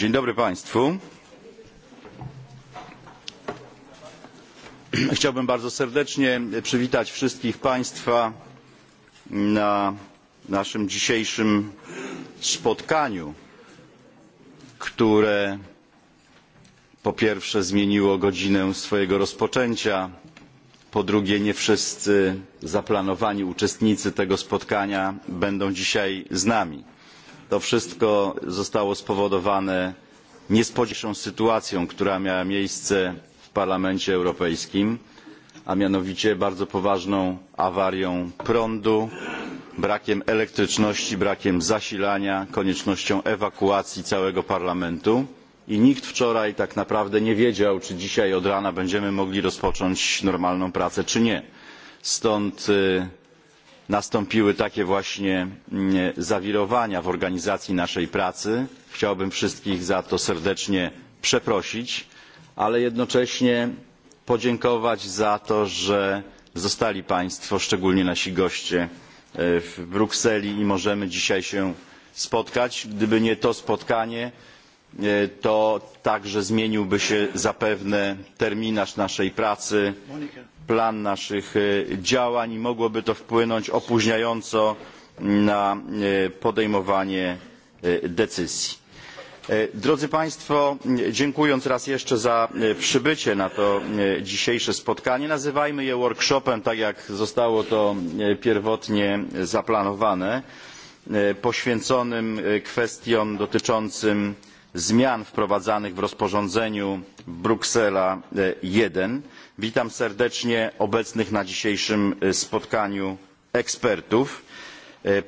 Dzień dobry Państwu. Chciałbym bardzo serdecznie przywitać wszystkich Państwa na naszym dzisiejszym spotkaniu, które po pierwsze zmieniło godzinę swojego rozpoczęcia, po drugie nie wszyscy zaplanowani uczestnicy tego spotkania będą dzisiaj z nami. To wszystko zostało spowodowane niespodziewaną sytuacją, która miała miejsce w Parlamencie Europejskim, a mianowicie bardzo poważną awarią prądu, brakiem elektryczności, brakiem zasilania, koniecznością ewakuacji całego Parlamentu. I nikt wczoraj tak naprawdę nie wiedział, czy dzisiaj od rana będziemy mogli rozpocząć normalną pracę, czy nie. Stąd nastąpiły takie właśnie zawirowania w organizacji naszej pracy. Chciałbym wszystkich za to serdecznie przeprosić, ale jednocześnie podziękować za to, że zostali Państwo, szczególnie nasi goście w Brukseli i możemy dzisiaj się spotkać. Gdyby nie to spotkanie, to także zmieniłby się zapewne terminarz naszej pracy plan naszych działań i mogłoby to wpłynąć opóźniająco na podejmowanie decyzji. Drodzy Państwo, dziękując raz jeszcze za przybycie na to dzisiejsze spotkanie, nazywajmy je workshopem, tak jak zostało to pierwotnie zaplanowane, poświęconym kwestiom dotyczącym zmian wprowadzanych w rozporządzeniu bruksela i witam serdecznie obecnych na dzisiejszym spotkaniu ekspertów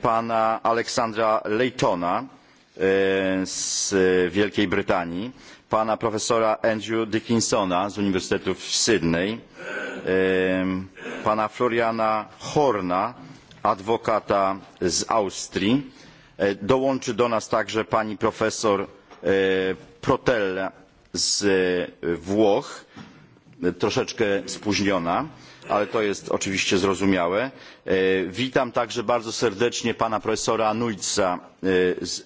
pana alexandra laytona z wielkiej brytanii pana profesora andrew dickinsona z uniwersytetu w sydney pana floriana horna adwokata z austrii dołączy do nas także pani profesor Protella z Włoch, troszeczkę spóźniona, ale to jest oczywiście zrozumiałe. Witam także bardzo serdecznie pana profesora Anulca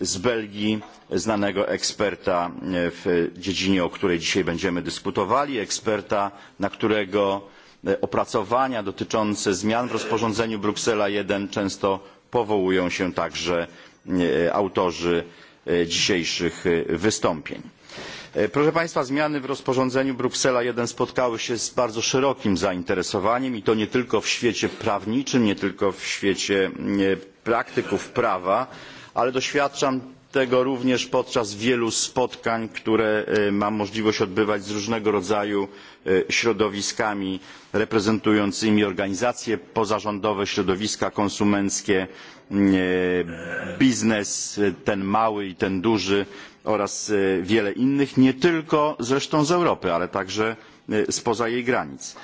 z Belgii, znanego eksperta w dziedzinie, o której dzisiaj będziemy dyskutowali, eksperta, na którego opracowania dotyczące zmian w rozporządzeniu Bruksela I często powołują się także autorzy dzisiejszych wystąpień. Proszę Państwa, zmiany w rozporządzeniu Bruksela I spotkały się z bardzo szerokim zainteresowaniem i to nie tylko w świecie prawniczym, nie tylko w świecie praktyków prawa, ale doświadczam tego również podczas wielu spotkań, które mam możliwość odbywać z różnego rodzaju środowiskami reprezentującymi organizacje pozarządowe, środowiska konsumenckie, biznes ten mały i ten duży oraz wiele innych nie tylko zresztą z europy ale także spoza jej granic.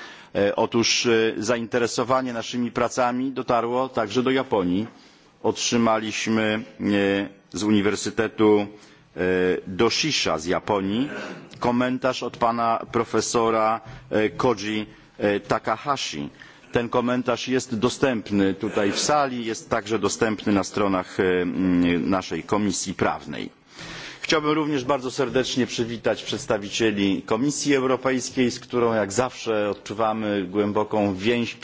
otóż zainteresowanie naszymi pracami dotarło także do japonii. otrzymaliśmy z uniwersytetu doshisha z japonii komentarz od pana profesora koji takahashi ten komentarz jest dostępny tutaj w sali jest także dostępny na stronach naszej komisji prawnej. Chciałbym również bardzo serdecznie przywitać przedstawicieli Komisji Europejskiej, z którą jak zawsze odczuwamy głęboką więź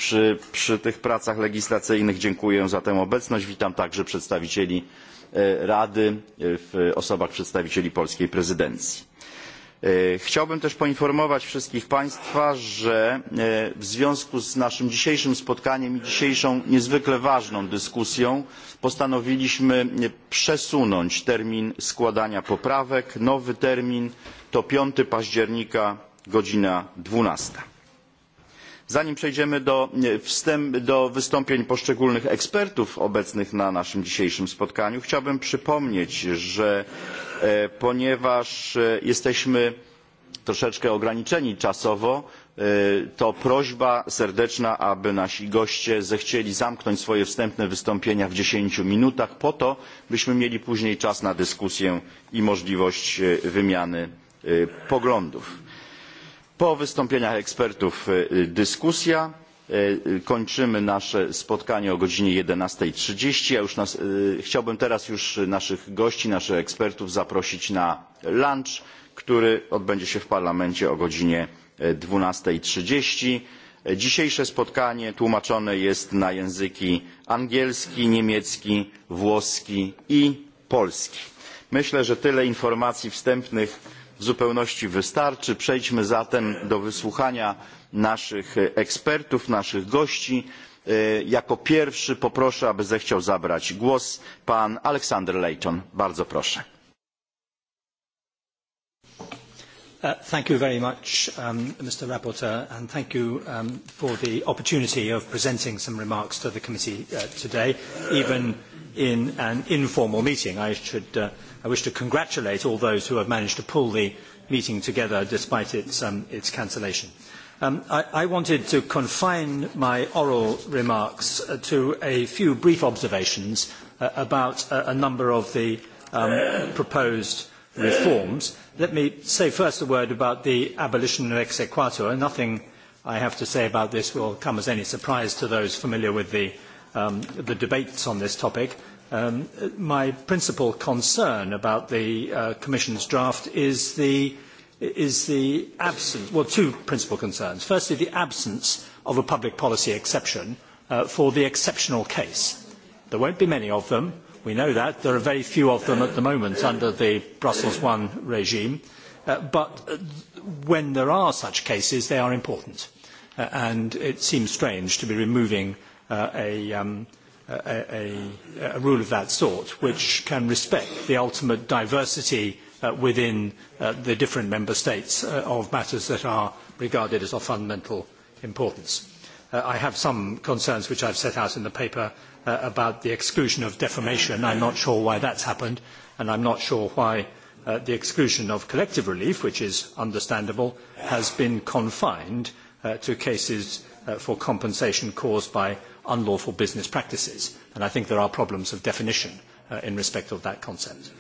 przy, tych pracach legislacyjnych. Dziękuję za tę obecność. Witam także przedstawicieli Rady w osobach przedstawicieli polskiej prezydencji Chciałbym też poinformować wszystkich Państwa, że w związku z naszym dzisiejszym spotkaniem i dzisiejszą niezwykle ważną dyskusją postanowiliśmy przesunąć termin składania poprawek. Nowy termin to pięć października godzina dwunasta zanim przejdziemy do wystąpień poszczególnych ekspertów obecnych na naszym dzisiejszym spotkaniu chciałbym przypomnieć że ponieważ jesteśmy troszeczkę ograniczeni czasowo to prośba serdeczna aby nasi goście zechcieli zamknąć swoje wstępne wystąpienia w dziesięciu minutach po to byśmy mieli później czas na dyskusję i możliwość wymiany poglądów po wystąpieniach ekspertów dyskusja kończymy nasze spotkanie o godz. jedenaście trzydzieści a już chciałbym teraz już naszych gości naszych ekspertów zaprosić na lunch który odbędzie się w parlamencie o godz. dwanaście trzydzieści dzisiejsze spotkanie tłumaczone jest na języki angielski niemiecki włoski i polski. myślę że tyle informacji wstępnych w zupełności wystarczy. Przejdźmy zatem do wysłuchania naszych ekspertów, naszych gości. Jako pierwszy poproszę, aby zechciał zabrać głos pan Aleksander Leighton. Bardzo proszę. Thank you very much, Mr Rapporteur, and thank you for the opportunity of presenting some remarks to the committee today, even in an informal meeting. I, should, I wish to congratulate all those who have managed to pull the meeting together despite its, cancellation. I, wanted to confine my oral remarks to a few brief observations about a number of the proposed reforms Let me say first a word about the abolition of ex equato. Nothing I have to say about this will come as any surprise to those familiar with the, debates on this topic. my principal concern about the Commission's draft is the, is the absence, well, two principal concerns. Firstly, the absence of a public policy exception for the exceptional case. There won't be many of them We know that. There are very few of them at the moment under the Brussels I regime. but when there are such cases, they are important. and it seems strange to be removing a, a, rule of that sort, which can respect the ultimate diversity within the different member states of matters that are regarded as of fundamental importance. I have some concerns which I have set out in the paper about the exclusion of defamation. I am not sure why that has happened, and I am not sure why the exclusion of collective relief, which is understandable, has been confined to cases for compensation caused by unlawful business practices. And I think there are problems of definition in respect of that concept.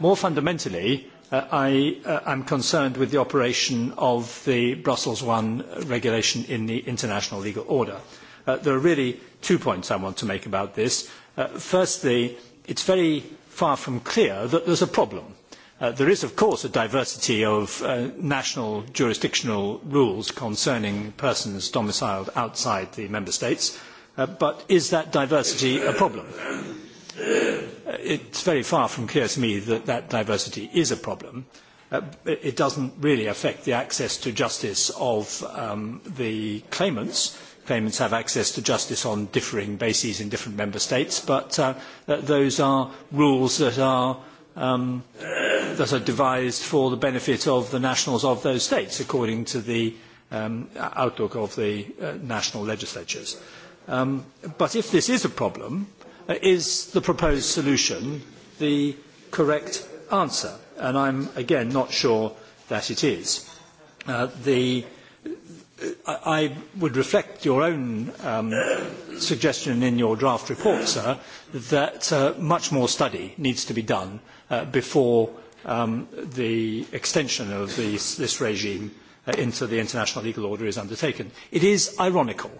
more, fundamentally, I am concerned with the operation of the Brussels I regulation in the international legal order there are really two points I want to make about this. firstly, it is very far from clear that there is a problem. there is, of course, a diversity of national jurisdictional rules concerning persons domiciled outside the member states, but is that diversity a problem? It is very far from clear to me that that diversity is a problem it does not really affect the access to justice of the claimants claimants have access to justice on differing bases in different member states, but those are rules that are that are devised for the benefit of the nationals of those states, according to the outlook of the national legislatures. but if this is a problem, is the proposed solution the correct answer? And I'm, again, not sure that it is. the I would reflect your own suggestion in your draft report, sir, that much more study needs to be done before the extension of this regime into the international legal order is undertaken. It is ironical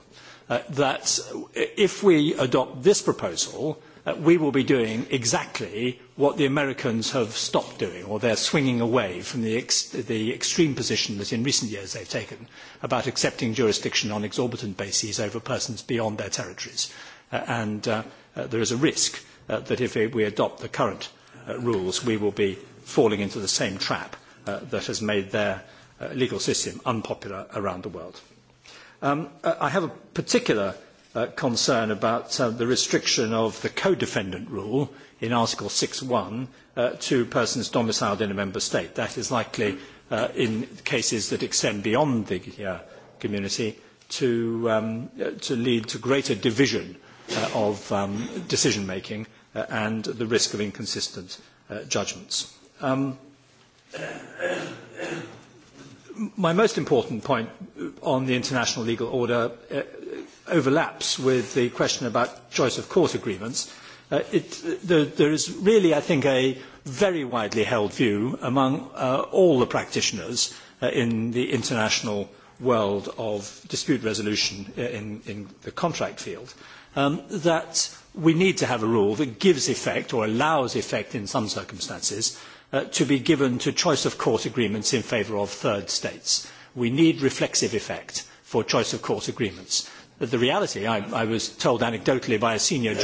that if we adopt this proposal, we will be doing exactly what the Americans have stopped doing, or they are swinging away from the, extreme position that in recent years they have taken about accepting jurisdiction on exorbitant bases over persons beyond their territories. and there is a risk that if we adopt the current rules, we will be falling into the same trap that has made their legal system unpopular around the world. I have a particular concern about the restriction of the co-defendant rule in Article six one to persons domiciled in a member state. That is likely in cases that extend beyond the community to, lead to greater division of decision making and the risk of inconsistent judgments my most important point on the international legal order overlaps with the question about choice of court agreements. there, is really, I think, a very widely held view among all the practitioners in the international world of dispute resolution in, the contract field that we need to have a rule that gives effect or allows effect in some circumstances to be given to choice of court agreements in favour of third states. We need reflexive effect for choice of court agreements. But the reality, I, I was told anecdotally by a senior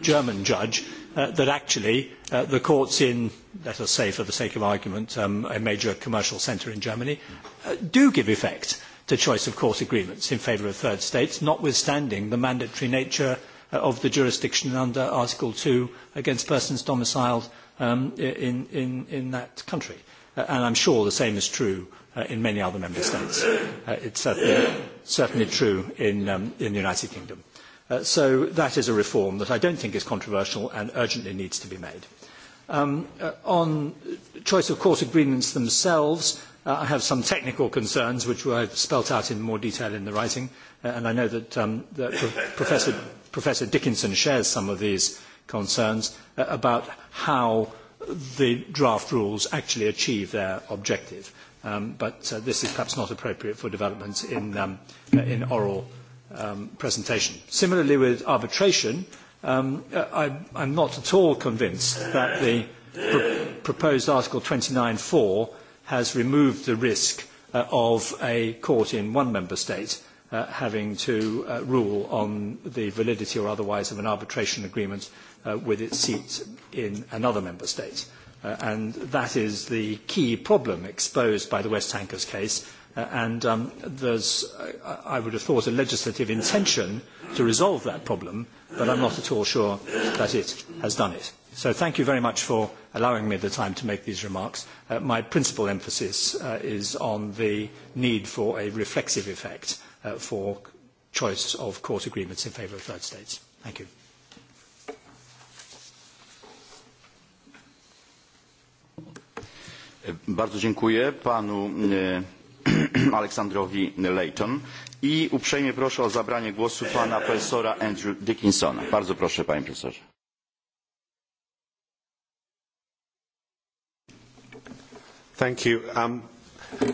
German judge, that actually the courts in, let us say for the sake of argument, a major commercial centre in Germany, do give effect to choice of court agreements in favour of third states, notwithstanding the mandatory nature of the jurisdiction under Article two against persons domiciled in, in, in that country. and I'm sure the same is true in many other member states. it's certainly, certainly true in, um, in the United Kingdom. so that is a reform that I don't think is controversial and urgently needs to be made. on choice of court agreements themselves, I have some technical concerns, which I have spelt out in more detail in the writing, and I know that, Professor, Dickinson shares some of these concerns about how the draft rules actually achieve their objective. but this is perhaps not appropriate for developments in, in oral presentation. Similarly with arbitration, um, I, I'm not at all convinced that the pr- proposed Article 29.4 has removed the risk of a court in one member state having to rule on the validity or otherwise of an arbitration agreement with its seat in another member state. and that is the key problem exposed by the West Tankers case. and um, there's, I would have thought, a legislative intention to resolve that problem, but I'm not at all sure that it has done it. So thank you very much for allowing me the time to make these remarks. my principal emphasis is on the need for a reflexive effect for choice of court agreements in favour of third states. Thank you. Bardzo dziękuję panu Aleksandrowi Leighton i uprzejmie proszę o zabranie głosu pana profesora Andrew Dickinsona. Bardzo proszę, panie profesorze. Thank you. Um,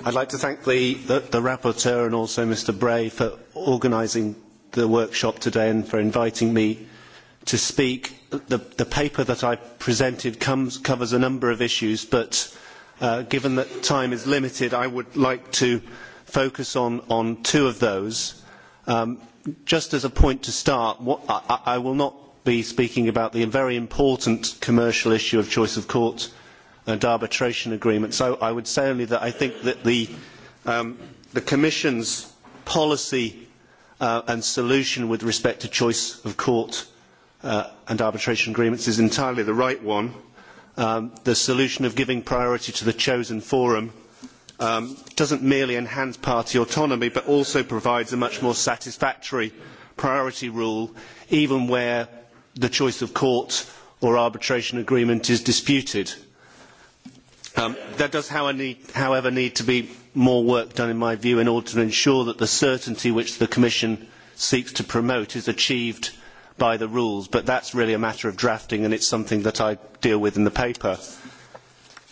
I'd like to thank the, the, the rapporteur and also Mr. Bray for organising the workshop today and for inviting me to speak. The, the paper that I presented comes, covers a number of issues, but given that time is limited, I would like to focus on, two of those. just as a point to start, I, will not be speaking about the very important commercial issue of choice of court and arbitration agreements. I, I would say only that I think that the, Commission's policy and solution with respect to choice of court and arbitration agreements is entirely the right one the solution of giving priority to the chosen forum does not merely enhance party autonomy but also provides a much more satisfactory priority rule even where the choice of court or arbitration agreement is disputed. there does however need to be more work done in my view in order to ensure that the certainty which the commission seeks to promote is achieved by the rules, but that is really a matter of drafting and it is something that I deal with in the paper.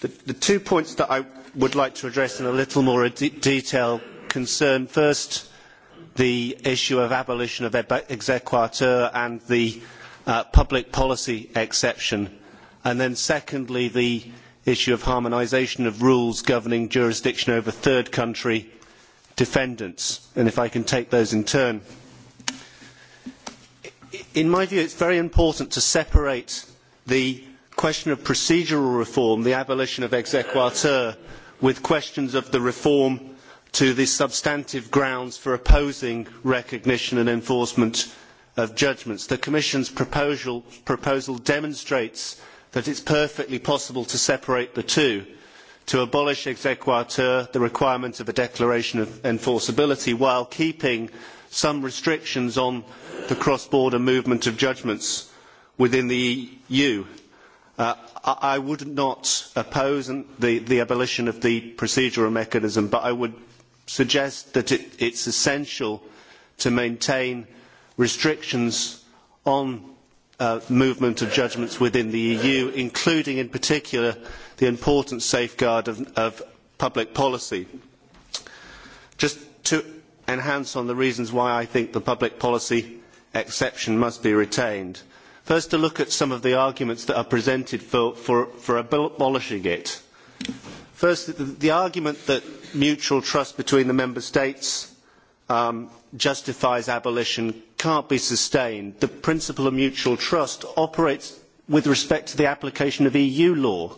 The, two points that I would like to address in a little more detail concern first the issue of abolition of exequatur and the public policy exception, and then secondly the issue of harmonisation of rules governing jurisdiction over third country defendants. And if I can take those in turn in my view, it is very important to separate the question of procedural reform, the abolition of exequatur, with questions of the reform to the substantive grounds for opposing recognition and enforcement of judgments. The Commission's proposal demonstrates that it is perfectly possible to separate the two, to abolish exequatur, the requirement of a declaration of enforceability, while keeping some restrictions on the cross-border movement of judgments within the EU. I would not oppose the, abolition of the procedural mechanism, but I would suggest that it, is essential to maintain restrictions on movement of judgments within the EU, including in particular the important safeguard of, public policy. Just to enhance on the reasons why I think the public policy exception must be retained. First, to look at some of the arguments that are presented for, abolishing it. First, the argument that mutual trust between the member states justifies abolition cannot be sustained. The principle of mutual trust operates with respect to the application of EU law.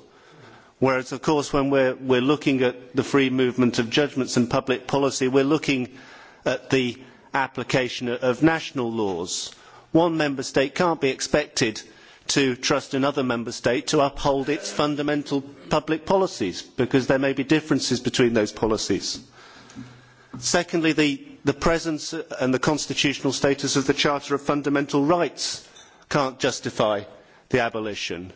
Whereas, of course, when we are looking at the free movement of judgments and public policy, we are looking at the application of national laws. One member state cannot be expected to trust another member state to uphold its fundamental public policies because there may be differences between those policies. Secondly, the, presence and the constitutional status of the Charter of Fundamental Rights cannot justify the abolition.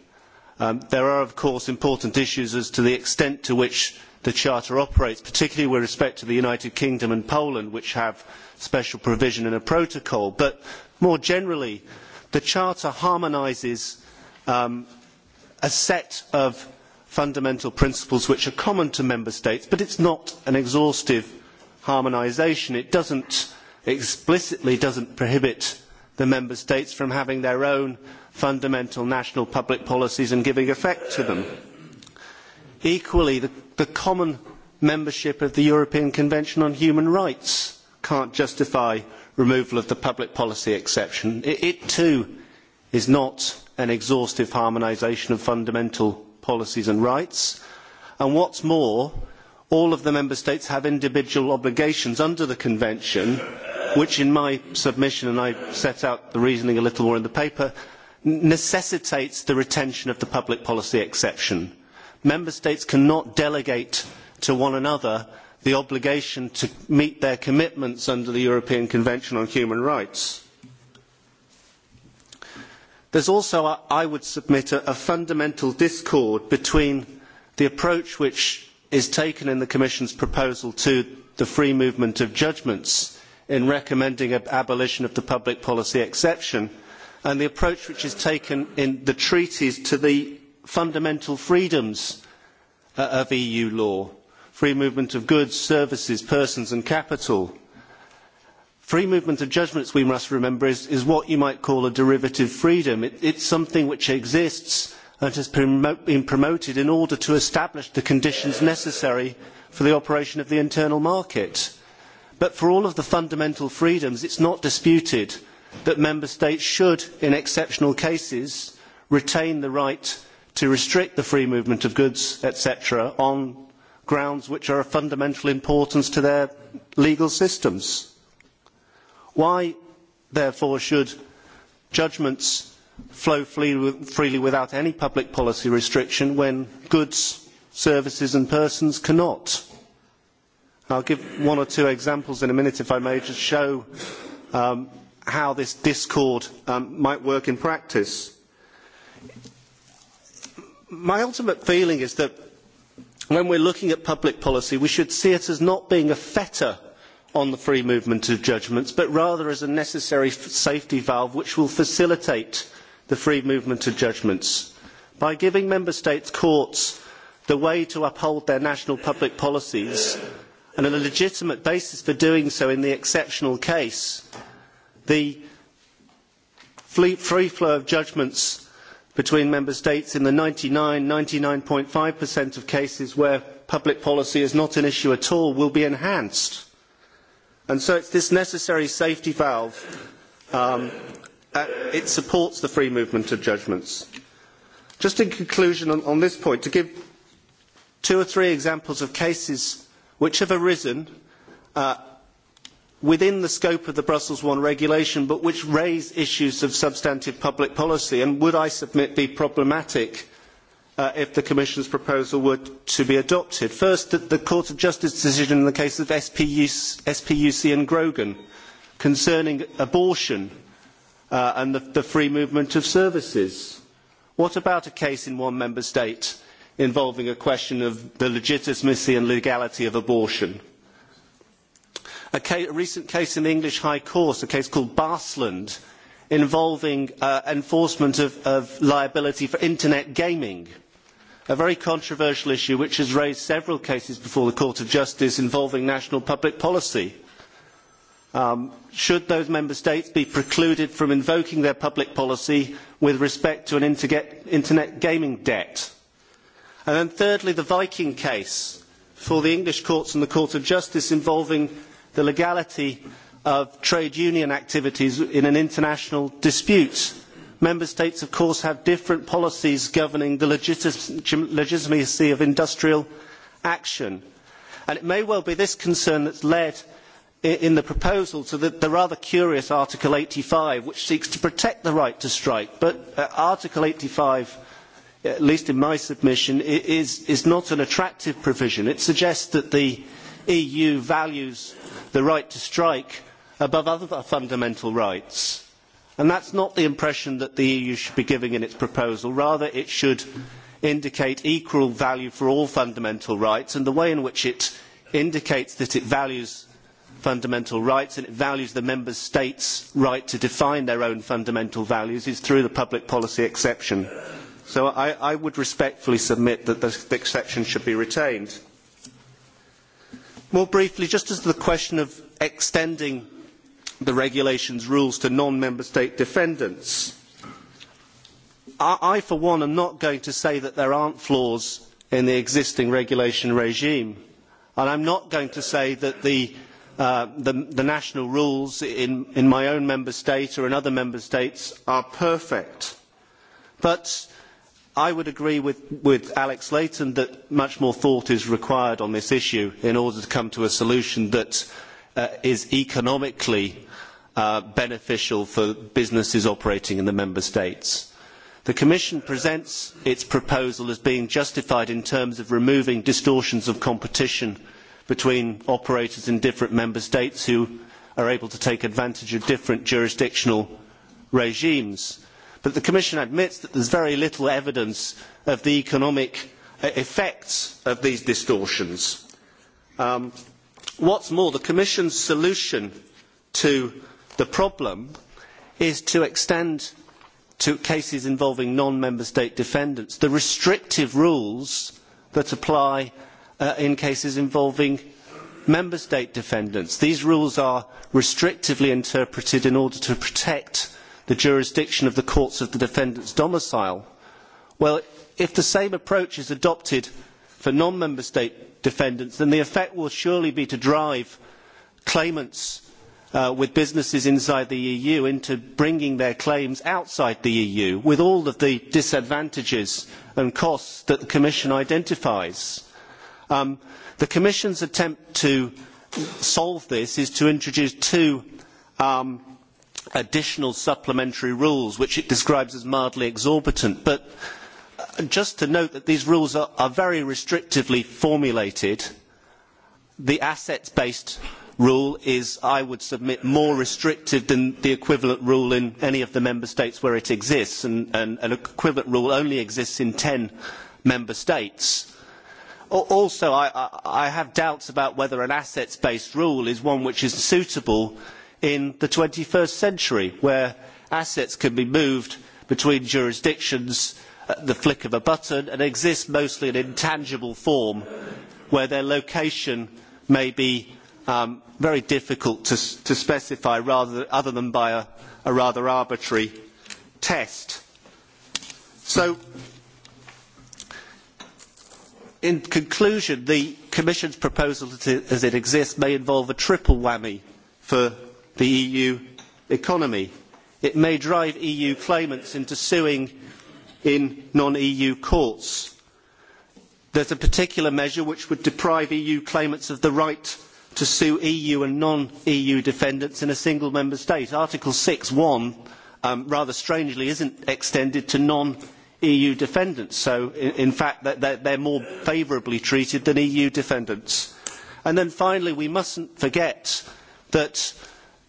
there are, of course, important issues as to the extent to which the Charter operates, particularly with respect to the United Kingdom and Poland, which have special provision in a protocol. But more generally, the Charter harmonises a set of fundamental principles which are common to member states, but it is not an exhaustive harmonisation. It doesn't explicitly doesn't prohibit the member states from having their own fundamental national public policies and giving effect to them Equally, the, common membership of the European Convention on Human Rights cannot justify removal of the public policy exception. It, too is not an exhaustive harmonisation of fundamental policies and rights. And what is more, all of the member states have individual obligations under the convention, which in my submission, and I set out the reasoning a little more in the paper, necessitates the retention of the public policy exception member states cannot delegate to one another the obligation to meet their commitments under the European Convention on Human Rights. There is also, I would submit, a, fundamental discord between the approach which is taken in the Commission's proposal to the free movement of judgments in recommending an abolition of the public policy exception and the approach which is taken in the treaties to the fundamental freedoms of EU law free movement of goods, services, persons and capital. Free movement of judgments, we must remember, is, what you might call a derivative freedom. It, is something which exists and has been promoted in order to establish the conditions necessary for the operation of the internal market. But for all of the fundamental freedoms, it is not disputed that member states should, in exceptional cases, retain the right to restrict the free movement of goods, etc., on grounds which are of fundamental importance to their legal systems. Why, therefore, should judgments flow freely without any public policy restriction when goods, services and persons cannot? I will give one or two examples in a minute, if I may, to show how this discord might work in practice my ultimate feeling is that when we are looking at public policy, we should see it as not being a fetter on the free movement of judgments, but rather as a necessary safety valve which will facilitate the free movement of judgments. By giving member states' courts the way to uphold their national public policies and a legitimate basis for doing so in the exceptional case, the free flow of judgments between member states in the ninety nine ninety nine five of cases where public policy is not an issue at all will be enhanced. And so it is this necessary safety valve. it supports the free movement of judgments. Just in conclusion on this point, to give two or three examples of cases which have arisen within the scope of the Brussels I regulation, but which raise issues of substantive public policy, and would I submit be problematic if the Commission's proposal were to be adopted. First, the Court of Justice decision in the case of SPUC and Grogan concerning abortion and the free movement of services. What about a case in one member state involving a question of the legitimacy and legality of abortion? a recent case in the English High Court, a case called Barsland, involving enforcement of, liability for internet gaming, a very controversial issue which has raised several cases before the Court of Justice involving national public policy. should those member states be precluded from invoking their public policy with respect to an internet gaming debt? And then thirdly, the Viking case for the English courts and the Court of Justice involving the legality of trade union activities in an international dispute. Member States, of course, have different policies governing the legitimacy of industrial action. And it may well be this concern that has led in the proposal to the rather curious Article eighty five, which seeks to protect the right to strike. But Article eighty five, at least in my submission, is, not an attractive provision. It suggests that the EU values the right to strike above other fundamental rights. And that is not the impression that the EU should be giving in its proposal. Rather, it should indicate equal value for all fundamental rights. And the way in which it indicates that it values fundamental rights and it values the member states' right to define their own fundamental values is through the public policy exception. So I, would respectfully submit that the exception should be retained More briefly, just as to the question of extending the regulation's rules to non-member state defendants, I, for one, am not going to say that there aren't flaws in the existing regulation regime. And I'm not going to say that the, national rules in, my own member state or in other member states are perfect. But i would agree with alex leighton that much more thought is required on this issue in order to come to a solution that is economically beneficial for businesses operating in the member states. the commission presents its proposal as being justified in terms of removing distortions of competition between operators in different member states who are able to take advantage of different jurisdictional regimes but the commission admits that there is very little evidence of the economic effects of these distortions. what is more the commission's solution to the problem is to extend to cases involving non member state defendants the restrictive rules that apply in cases involving member state defendants. these rules are restrictively interpreted in order to protect the jurisdiction of the courts of the defendant's domicile. Well, if the same approach is adopted for non-member state defendants, then the effect will surely be to drive claimants with businesses inside the EU into bringing their claims outside the EU with all of the disadvantages and costs that the Commission identifies. the Commission's attempt to solve this is to introduce two um, additional supplementary rules, which it describes as mildly exorbitant. But just to note that these rules are, very restrictively formulated. The assets based rule is, I would submit, more restrictive than the equivalent rule in any of the member states where it exists, and, an equivalent rule only exists in ten member states. Also, I, have doubts about whether an assets based rule is one which is suitable in the twenty first century where assets can be moved between jurisdictions at the flick of a button and exist mostly in intangible form where their location may be very difficult to, specify other than by a, rather arbitrary test. So, in conclusion, the Commission's proposal as it exists may involve a triple whammy for the EU economy. It may drive EU claimants into suing in non-EU courts. There is a particular measure which would deprive EU claimants of the right to sue EU and non-EU defendants in a single member state. Article six one rather strangely, is not extended to non-EU defendants. So, in fact, they are more favourably treated than EU defendants. And then finally, we must not forget that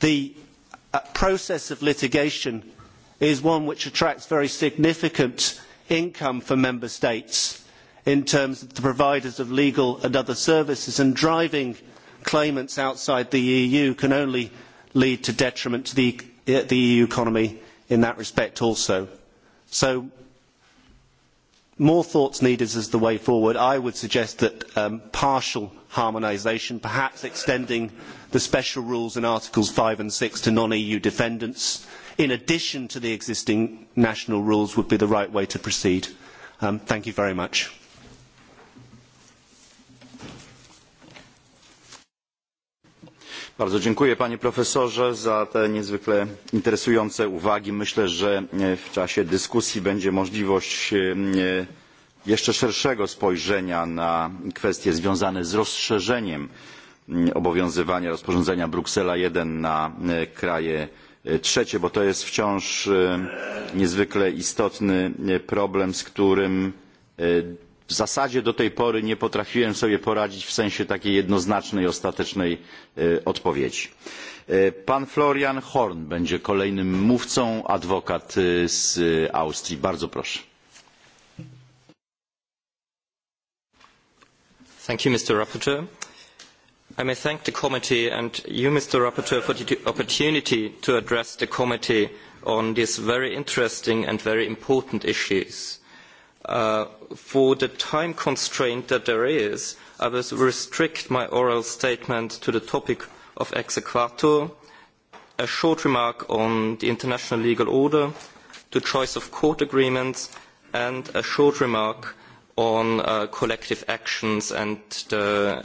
the process of litigation is one which attracts very significant income for member states in terms of the providers of legal and other services and driving claimants outside the EU can only lead to detriment to the, EU economy in that respect also. So more thoughts needed as the way forward. I would suggest that partial harmonisation, perhaps extending the special rules in Articles five and six to non-EU defendants, in addition to the existing national rules, would be the right way to proceed. thank you very much. Bardzo dziękuję panie profesorze za te niezwykle interesujące uwagi. Myślę, że w czasie dyskusji będzie możliwość jeszcze szerszego spojrzenia na kwestie związane z rozszerzeniem obowiązywania rozporządzenia Bruksela I na kraje trzecie, bo to jest wciąż niezwykle istotny problem, z którym w zasadzie do tej pory nie potrafiłem sobie poradzić w sensie takiej jednoznacznej, ostatecznej odpowiedzi. Pan Florian Horn będzie kolejnym mówcą, adwokat z Austrii. Bardzo proszę. Thank you, Mr. Rapporteur. I may thank the committee and you, Mr. Rapporteur, for the opportunity to address the committee on these very interesting and very important issues. for the time constraint that there is, I will restrict my oral statement to the topic of ex exequatur, a short remark on the international legal order, the choice of court agreements, and a short remark on uh, collective actions and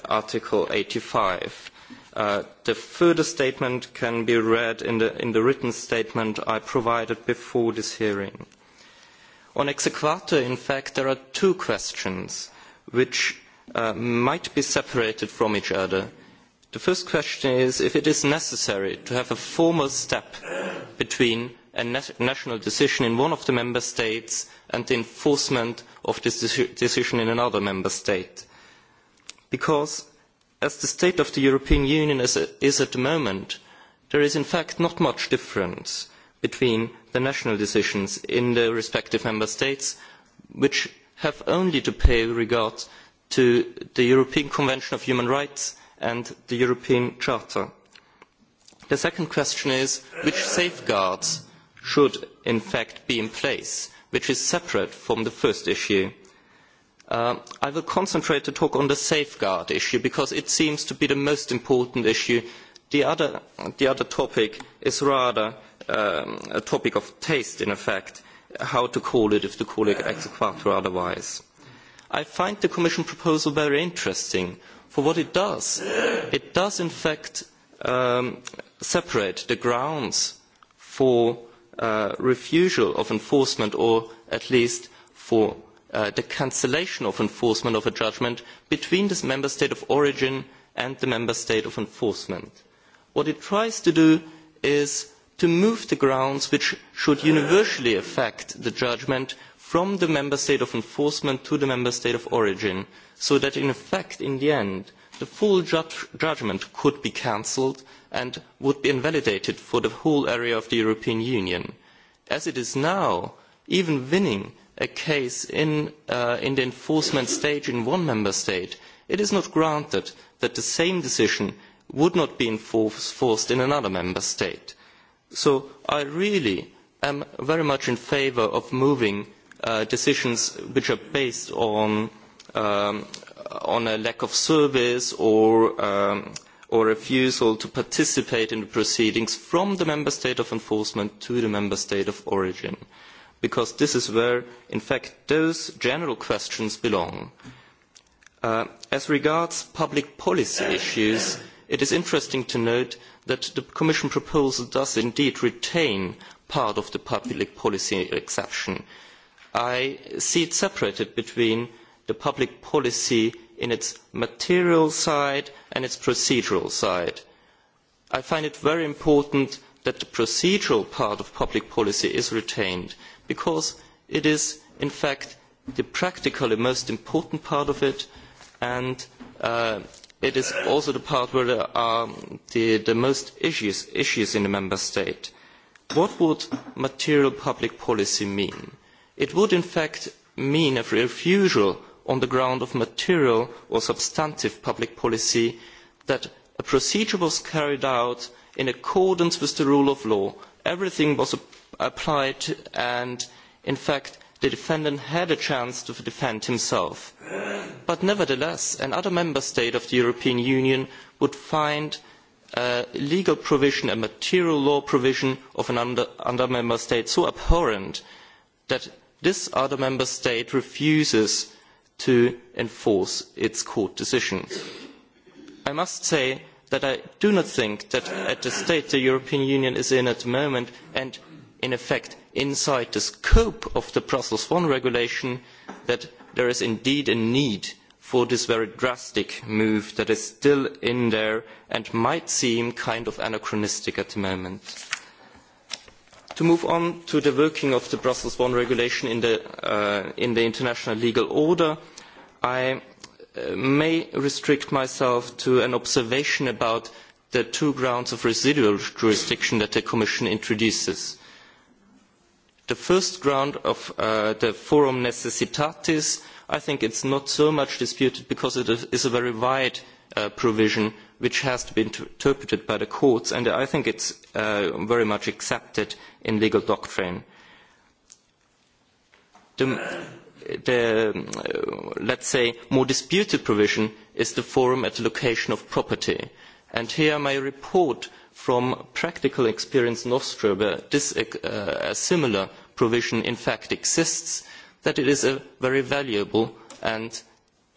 Article 85. Uh, the further statement can be read in the, in the written statement I provided before this hearing. On exequatur, in fact, there are two questions which uh, might be separated from each other. The first question is if it is necessary to have a formal step between a national decision in one of the member states and the enforcement of this decision in another member state. Because as the state of the European Union is at the moment, there is in fact not much difference between the national decisions in the respective member states, which have only to pay regard to the European Convention of Human Rights and the European Charter. The second question is which safeguards should in fact be in place, which is separate from the first issue. I will concentrate to talk on the safeguard issue because it seems to be the most important issue. The other, topic is rather a topic of taste, in effect, how to call it if to call it exequatur otherwise. I find the Commission proposal very interesting for what it does. It does, in fact, separate the grounds for refusal of enforcement or at least for the cancellation of enforcement of a judgment between the member state of origin and the member state of enforcement. What it tries to do is to move the grounds which should universally affect the judgment from the member state of enforcement to the member state of origin so that in effect in the end the full judgment could be cancelled and would be invalidated for the whole area of the European Union. As it is now, even winning a case in, the enforcement stage in one member state, it is not granted that the same decision would not be enforced in another member state. So I really am very much in favour of moving decisions which are based on on a lack of service or um, or refusal to participate in the proceedings from the member state of enforcement to the member state of origin because this is where in fact those general questions belong. as regards public policy issues it is interesting to note that the commission proposal does indeed retain part of the public policy exception. i see it separated between the public policy in its material side and its procedural side. I find it very important that the procedural part of public policy is retained because it is in fact the practically most important part of it and it is also the part where there are the, most issues, in the member state. What would material public policy mean? It would in fact mean a refusal on the ground of material or substantive public policy that a procedure was carried out in accordance with the rule of law. Everything was applied and, in fact, the defendant had a chance to defend himself. But nevertheless, another member state of the European Union would find a legal provision, a material law provision of another member state so abhorrent that this other member state refuses to enforce its court decision. I must say that I do not think that at the state the European Union is in at the moment and in effect inside the scope of the Brussels I regulation that there is indeed a need for this very drastic move that is still in there and might seem kind of anachronistic at the moment. To move on to the working of the Brussels I regulation in the, international legal order, I may restrict myself to an observation about the two grounds of residual jurisdiction that the Commission introduces. The first ground of the forum necessitatis, I think it is not so much disputed because it is a very wide provision which has to be interpreted by the courts, and I think it is very much accepted in legal doctrine. The, the let's say, more disputed provision is the forum at the location of property. And here my report from practical experience in Austria, where this uh, similar provision in fact exists, that it is a very valuable and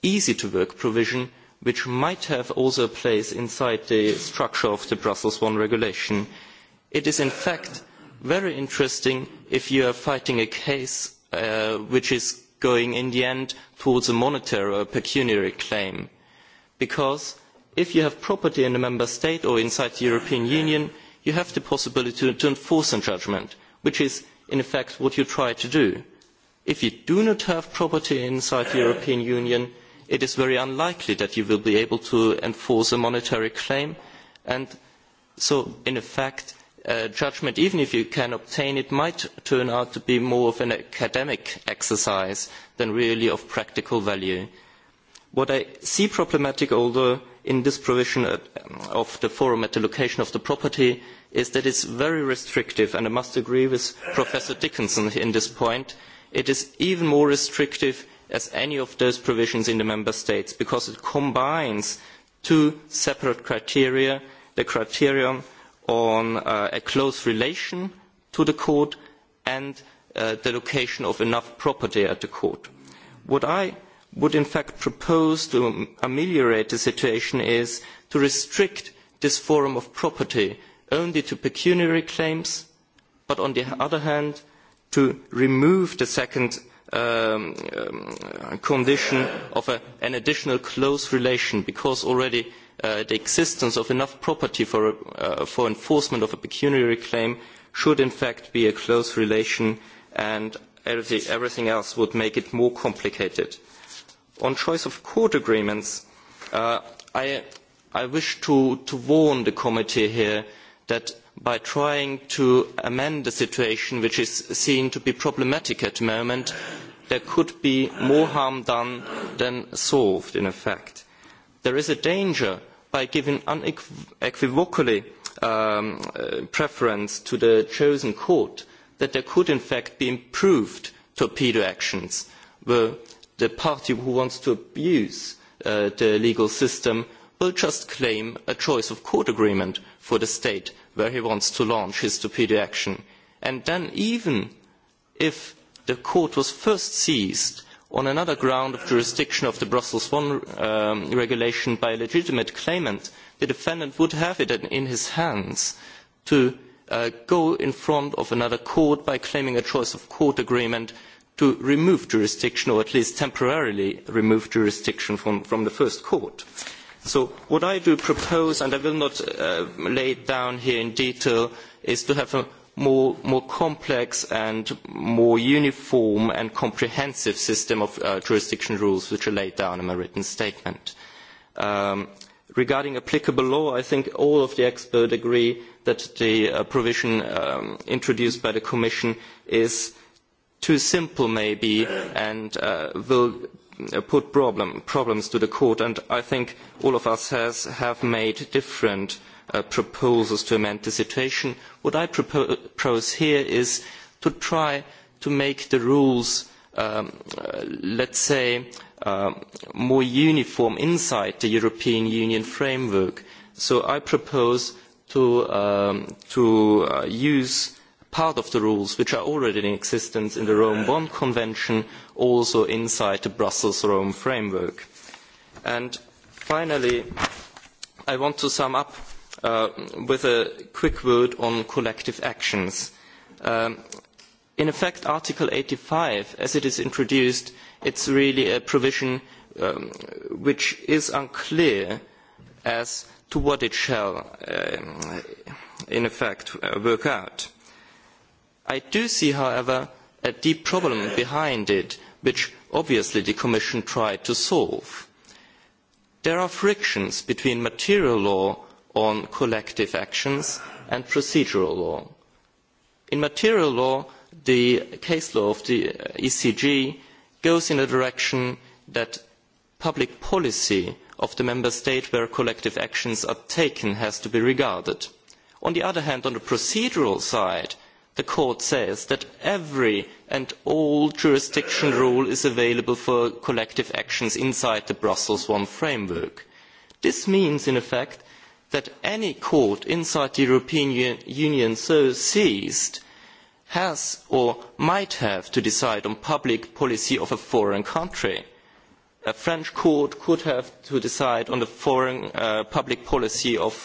easy to work provision which might have also a place inside the structure of the Brussels I regulation. It is in fact very interesting if you are fighting a case which is going in the end towards a monetary or pecuniary claim. Because if you have property in a member state or inside the European Union, you have the possibility to enforce a judgment, which is in effect what you try to do. If you do not have property inside the European Union, it is very unlikely that you will be able to enforce a monetary claim. And so, in effect, a judgment, even if you can obtain it, might turn out to be more of an academic exercise than really of practical value. What I see problematic, although, in this provision of the forum at the location of the property is that it is very restrictive, and I must agree with Professor Dickinson in this point. It is even more restrictive as any of those provisions in the member states because it combines two separate criteria the criterion on a close relation to the court and the location of enough property at the court. What I would in fact propose to ameliorate the situation is to restrict this form of property only to pecuniary claims, but on the other hand, to remove the second condition of an additional close relation because already the existence of enough property for, enforcement of a pecuniary claim should in fact be a close relation and everything else would make it more complicated. On choice of court agreements, I, wish to, warn the committee here that by trying to amend a situation which is seen to be problematic at the moment, there could be more harm done than solved, in effect. There is a danger by giving unequivocally preference to the chosen court that there could, in fact, be improved torpedo actions where the party who wants to abuse the legal system will just claim a choice of court agreement for the state where he wants to launch his torpedo action. And then even if the court was first seized on another ground of jurisdiction of the Brussels I regulation by a legitimate claimant, the defendant would have it in his hands to go in front of another court by claiming a choice of court agreement to remove jurisdiction or at least temporarily remove jurisdiction from, the first court. So what I do propose, and I will not lay it down here in detail, is to have a more, complex and more uniform and comprehensive system of jurisdiction rules which are laid down in my written statement. regarding applicable law, I think all of the experts agree that the provision introduced by the Commission is too simple maybe and will put problems to the court and I think all of us have made different proposals to amend the situation. What I propose here is to try to make the rules, let us say, more uniform inside the European Union framework. So I propose to, use part of the rules which are already in existence in the Rome I Convention also inside the Brussels-Rome framework. And finally, I want to sum up with a quick word on collective actions. in effect, Article eighty five, as it is introduced, is really a provision which is unclear as to what it shall, in effect, work out. I do see, however, a deep problem behind it, which obviously the Commission tried to solve. There are frictions between material law on collective actions and procedural law. In material law, the case law of the ECG goes in the direction that public policy of the member state where collective actions are taken has to be regarded. On the other hand, on the procedural side, the court says that every and all jurisdiction rule is available for collective actions inside the Brussels I framework. This means, in effect, that any court inside the European Union so seized has or might have to decide on public policy of a foreign country. A French court could have to decide on the foreign public policy of,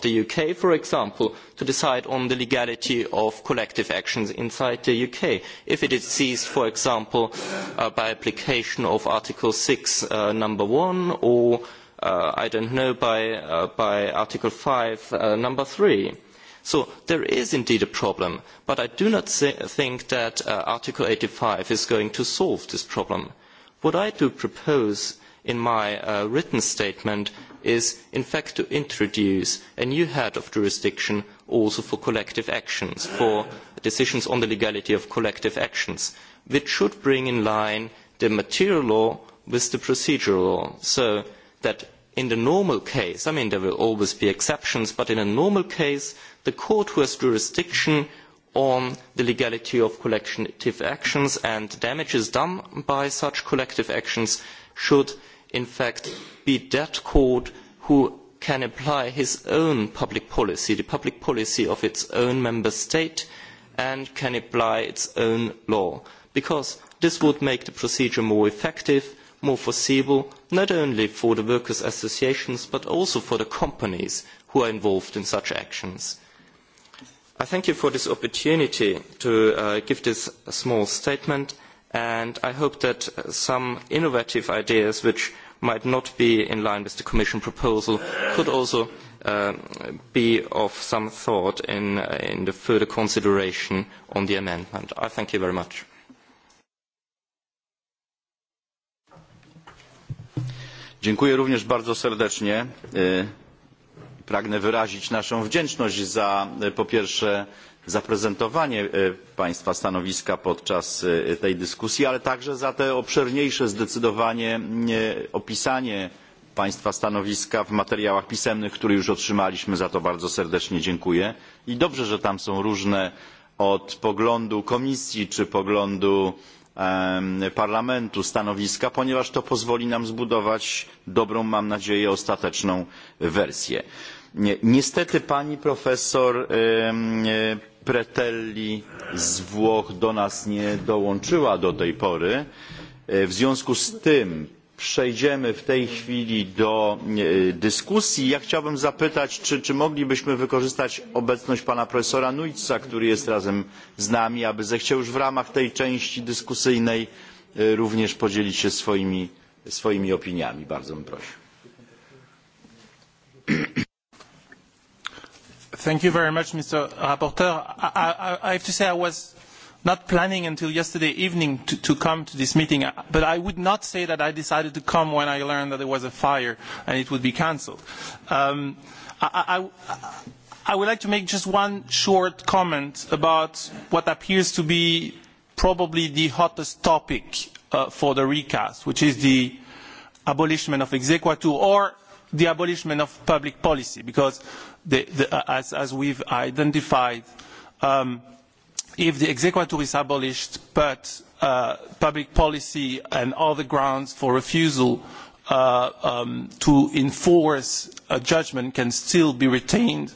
the UK, for example, to decide on the legality of collective actions inside the UK, if it is seized, for example, by application of Article six, number one, or I don't know, by, by Article five, number three. So there is indeed a problem, but I do not think that Article eighty five is going to solve this problem. What I do propose in my written statement is in fact to introduce a new head of jurisdiction also for collective actions, for decisions on the legality of collective actions, which should bring in line the material law with the procedural law, so that in the normal case, I mean, there will always be exceptions, but in a normal case, the court who has jurisdiction on the legality of collective actions and damages done by such collective actions should, in fact, be that court who can apply his own public policy, the public policy of its own member state, and can apply its own law, because this would make the procedure more effective more foreseeable, not only for the workers' associations, but also for the companies who are involved in such actions. I thank you for this opportunity to give this small statement, and I hope that some innovative ideas which might not be in line with the Commission proposal could also be of some thought in, the further consideration on the amendment. I thank you very much. Dziękuję również bardzo serdecznie. Pragnę wyrazić naszą wdzięczność za po pierwsze zaprezentowanie Państwa stanowiska podczas tej dyskusji, ale także za te obszerniejsze zdecydowanie opisanie Państwa stanowiska w materiałach pisemnych, które już otrzymaliśmy. Za to bardzo serdecznie dziękuję. I dobrze, że tam są różne od poglądu Komisji czy poglądu parlamentu stanowiska ponieważ to pozwoli nam zbudować dobrą mam nadzieję ostateczną wersję. niestety pani profesor pretelli z włoch do nas nie dołączyła do tej pory w związku z tym przejdziemy w tej chwili do dyskusji. Ja chciałbym zapytać, czy, moglibyśmy wykorzystać obecność pana profesora Nujca, który jest razem z nami, aby zechciał już w ramach tej części dyskusyjnej również podzielić się swoimi, opiniami. Bardzo bym prosił. Thank you very much, Mr. Rapporteur. I, have to say I was not planning until yesterday evening to, to come to this meeting, but I would not say that I decided to come when I learned that there was a fire and it would be cancelled. Um, I, I, I would like to make just one short comment about what appears to be probably the hottest topic uh, for the recast, which is the abolishment of exequatur or the abolishment of public policy, because the, the, as, as we've identified, um, if the exequatur is abolished but public policy and other grounds for refusal to enforce a judgment can still be retained,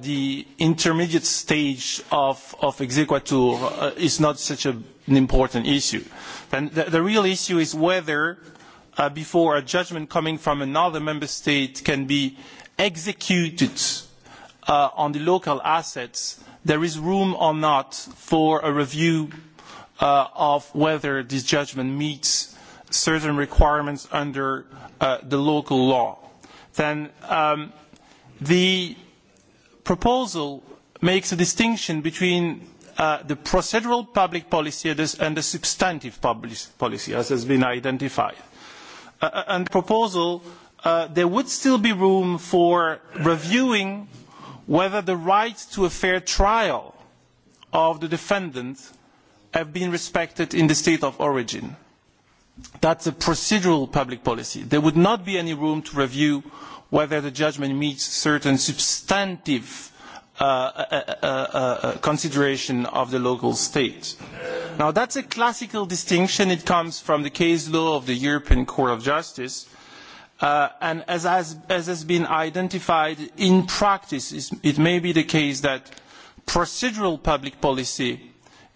the intermediate stage of exequatur is not such an important issue. the real issue is whether, before a judgment coming from another member state can be executed on the local assets, there is room or not for a review of whether this judgment meets certain requirements under the local law. Then the proposal makes a distinction between the procedural public policy and the substantive public policy, as has been identified. and the proposal, there would still be room for reviewing whether the right to a fair trial of the defendant have been respected in the state of origin. That is a procedural public policy. There would not be any room to review whether the judgment meets certain substantive consideration of the local state. Now, is a classical distinction. It comes from the case law of the European Court of Justice, and as has been identified in practice, it may be the case that procedural public policy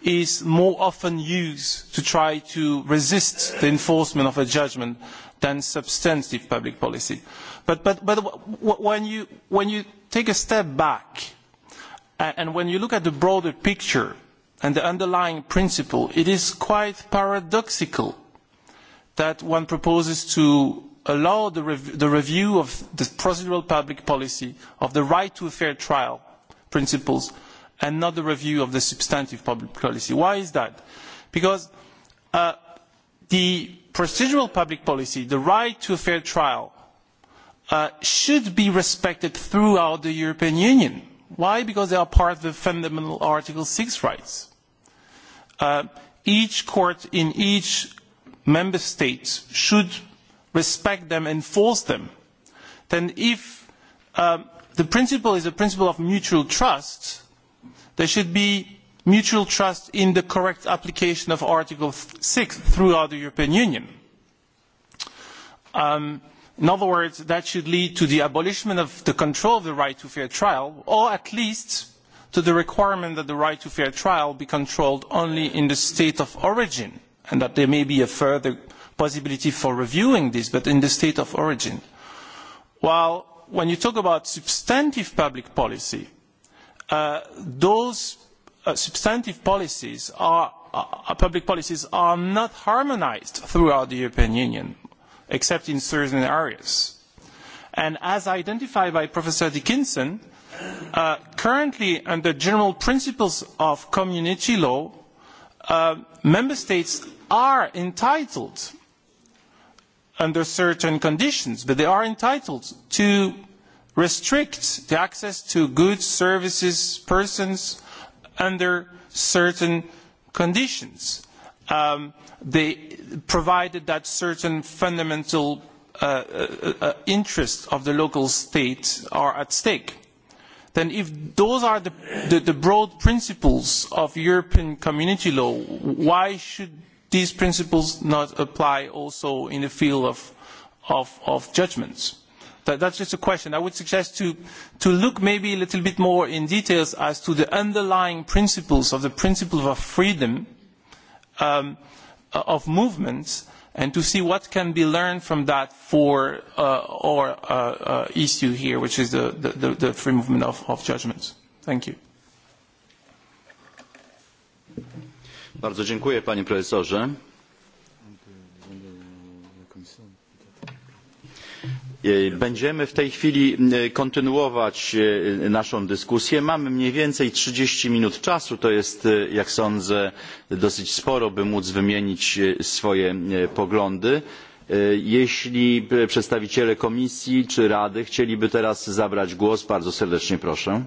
is more often used to try to resist the enforcement of a judgment than substantive public policy. But, when, you, when you take a step back and when you look at the broader picture and the underlying principle, it is quite paradoxical that one proposes to allow the, review of the procedural public policy, of the right to a fair trial principles, and not the review of the substantive public policy. Why is that? Because the procedural public policy, the right to a fair trial, should be respected throughout the European Union. Why? Because they are part of the fundamental Article six rights. each court in each member state should respect them, enforce them, then if the principle is a principle of mutual trust, there should be mutual trust in the correct application of Article six throughout the European Union. in other words, that should lead to the abolition of the control of the right to fair trial, or at least to the requirement that the right to fair trial be controlled only in the state of origin, and that there may be a further possibility for reviewing this, but in the state of origin. While when you talk about substantive public policy, those substantive policies are, public policies are not harmonised throughout the European Union, except in certain areas. And as identified by Professor Dickinson, currently under general principles of community law, member states are entitled under certain conditions, but they are entitled to restrict the access to goods, services, persons under certain conditions, they, provided that certain fundamental interests of the local state are at stake. Then if those are the, the, the broad principles of European community law, why should these principles not apply also in the field of, of, of judgments? That, that's just a question. I would suggest to, to look maybe a little bit more in details as to the underlying principles of the principle of freedom um, of movement and to see what can be learned from that for uh, our uh, uh, issue here, which is the, the, the free movement of, of judgments. Thank you. Bardzo dziękuję panie profesorze. Będziemy w tej chwili kontynuować naszą dyskusję. Mamy mniej więcej trzydzieści minut czasu. To jest, jak sądzę, dosyć sporo, by móc wymienić swoje poglądy. Jeśli przedstawiciele Komisji czy Rady chcieliby teraz zabrać głos, bardzo serdecznie proszę.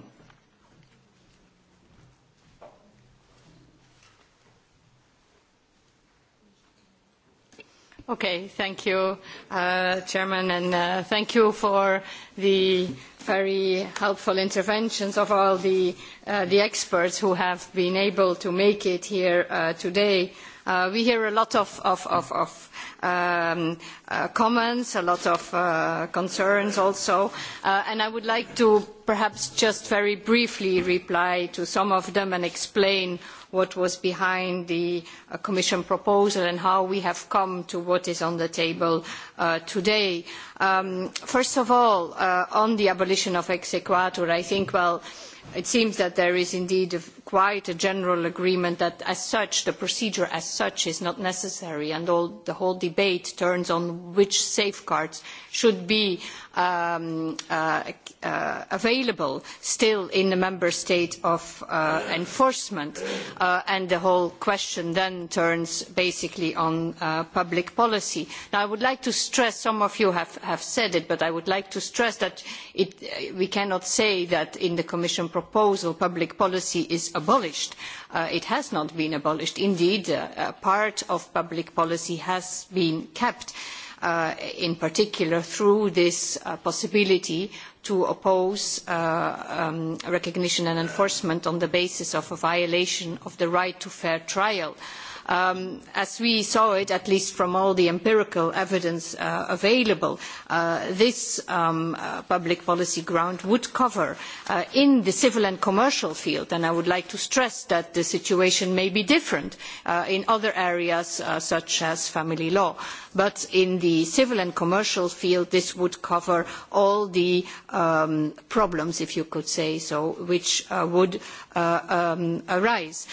Okay, thank you, Chairman, and uh, thank you for the very helpful interventions of all the, uh, the experts who have been able to make it here uh, today. Uh, we hear a lot of, of, of, of um, uh, comments, a lot of uh, concerns also, uh, and I would like to perhaps just very briefly reply to some of them and explain what was behind the Commission proposal and how we have come to what is on the table today. first of all, on the abolition of exequatur, I think, well, uh, it seems that there is indeed quite a general agreement that as such, the procedure as such is not necessary and the whole debate turns on which safeguards should be available still in the member state of enforcement and the whole question then turns basically on public policy. I would like to stress, some of you have, said it, but I would like to stress that we cannot say that in the Commission proposal, public policy, is abolished. it has not been abolished. Indeed, part of public policy has been kept, in particular through this possibility to oppose recognition and enforcement on the basis of a violation of the right to fair trial. Uh, as we saw it, at least from all the empirical evidence available, this public policy ground would cover in the civil and commercial field, and I would like to stress that the situation may be different in other areas such as family law but in the civil and commercial field, this would cover all the problems, if you could say so, which would arise.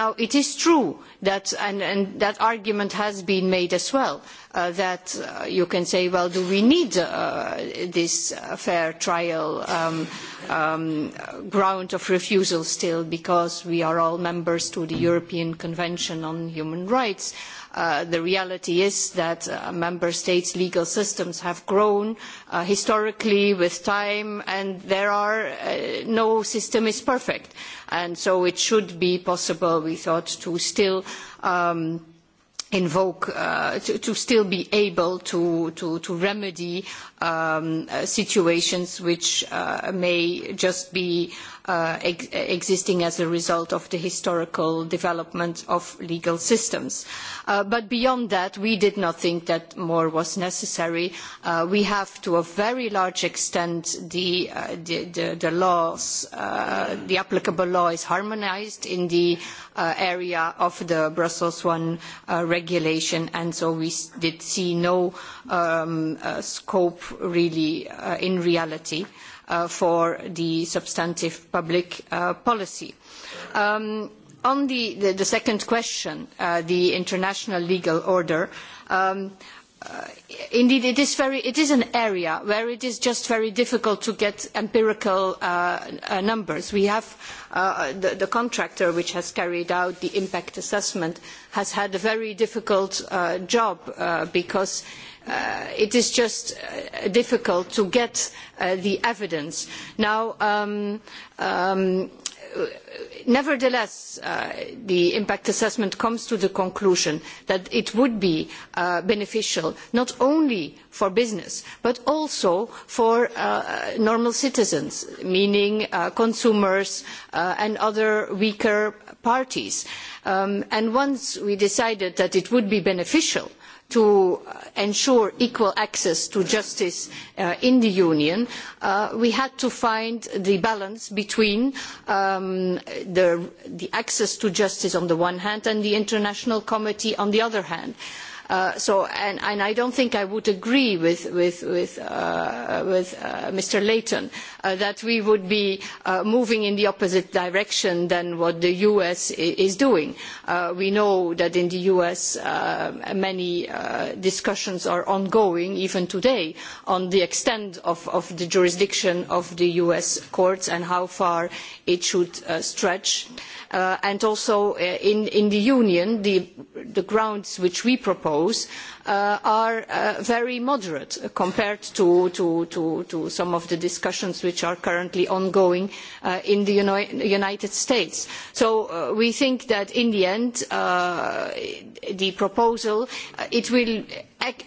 now, it is true that, and, that argument has been made as well, that you can say, well, do we need this fair trial ground of refusal still because we are all members to the European Convention on Human Rights? the reality is that member states' legal systems have grown historically with time, and there are no system is perfect. And so it should be possible, we thought, to still um, invoke to, still be able to, remedy situations which may just be existing as a result of the historical development of legal systems. but beyond that, we did not think that more was necessary. we have, to a very large extent, the, laws, the applicable law is harmonised in the area of the Brussels I regulation regulation, and so we did see no scope really in reality for the substantive public policy. on the, second question, the international legal order, indeed, it is, very, it is an area where it is just very difficult to get empirical numbers. We have the, contractor which has carried out the impact assessment has had a very difficult job because it is just difficult to get the evidence. Now, nevertheless, the impact assessment comes to the conclusion that it would be beneficial not only for business but also for normal citizens, meaning consumers and other weaker parties. and once we decided that it would be beneficial, to ensure equal access to justice in the Union, we had to find the balance between the, access to justice on the one hand and the International Committee on the other hand. and, I do not think I would agree with, Mr. Leighton that we would be moving in the opposite direction than what the US is doing. we know that in the US many discussions are ongoing, even today, on the extent of, the jurisdiction of the US courts and how far it should stretch. and also in, the Union, the grounds which we propose are very moderate compared to some of the discussions which are currently ongoing in the United States. So we think that in the end, the proposal, will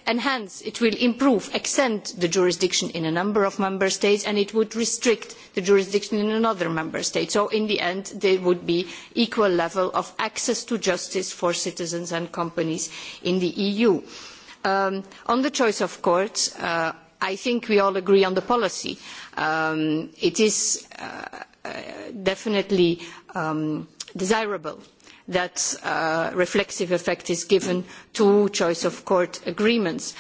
enhance, it will improve, extend the jurisdiction in a number of member states, and it would restrict the jurisdiction in another member state. So in the end, there would be equal level of access to justice for citizens and companies in the EU. on the choice of courts, I think we all agree on the policy. it is definitely desirable that reflexive effect is given to choice of court agreements.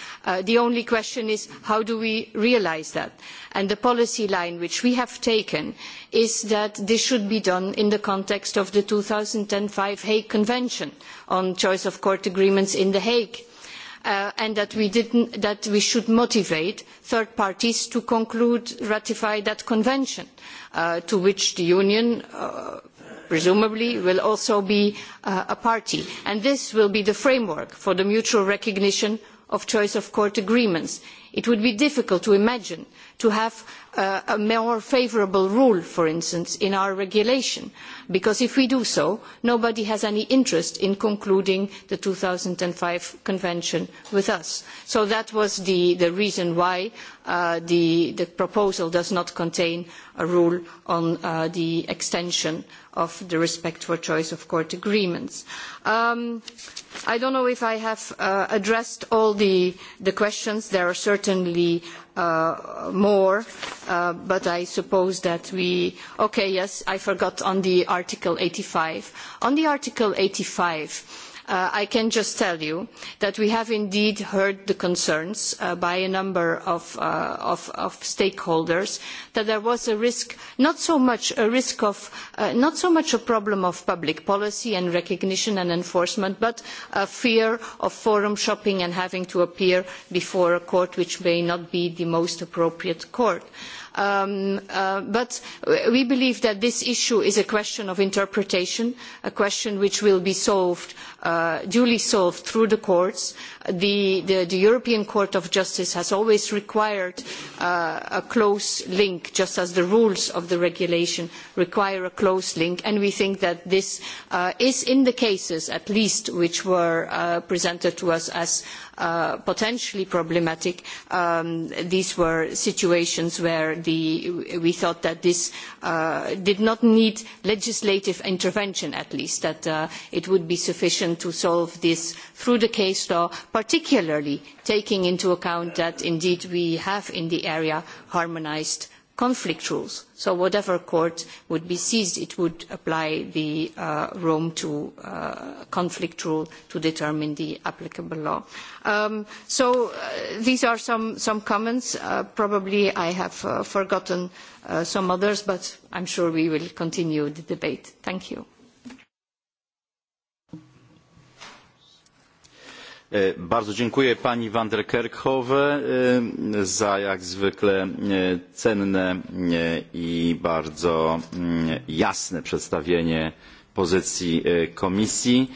the only question is how do we realise that? And the policy line which we have taken is that this should be done in the context of the two thousand and five Hague Convention on choice of court agreements in The Hague and that we should motivate third parties to conclude and ratify that convention to which the union presumably will also be a party and this will be the framework for the mutual recognition of choice of court agreements It would be difficult to imagine to have a more favourable rule, for instance, in our regulation, because if we do so, nobody has any interest in concluding the two thousand five convention with us. So that was the, reason why the, proposal does not contain a rule on the extension of the respect for choice of court agreements. I do not know if I have addressed all the, questions. There are certain certainly more, but I suppose that we... Okay, yes, I forgot on the Article eighty five. On the Article eighty five I can just tell you that we have indeed heard the concerns by a number of, stakeholders that there was a risk, not so much a risk of, not so much a problem of public policy and recognition and enforcement, but a fear of forum shopping and having to appear before a court which may not be the most appropriate court. Uh, but we believe that this issue is a question of interpretation, a question which will be solved, duly solved through the courts. The, European Court of Justice has always required a close link, just as the rules of the regulation require a close link, and we think that this is in the cases, at least, which were presented to us as potentially problematic, these were situations where we thought that this did not need legislative intervention, at least, that it would be sufficient to solve this through the case law, particularly taking into account that indeed we have in the area harmonised conflict rules. So whatever court would be seized, it would apply the Rome II conflict rule to determine the applicable law. so these are some, comments. probably I have forgotten some others, but I am sure we will continue the debate. Thank you. Bardzo dziękuję pani van der Kerkhove za jak zwykle cenne i bardzo jasne przedstawienie pozycji komisji.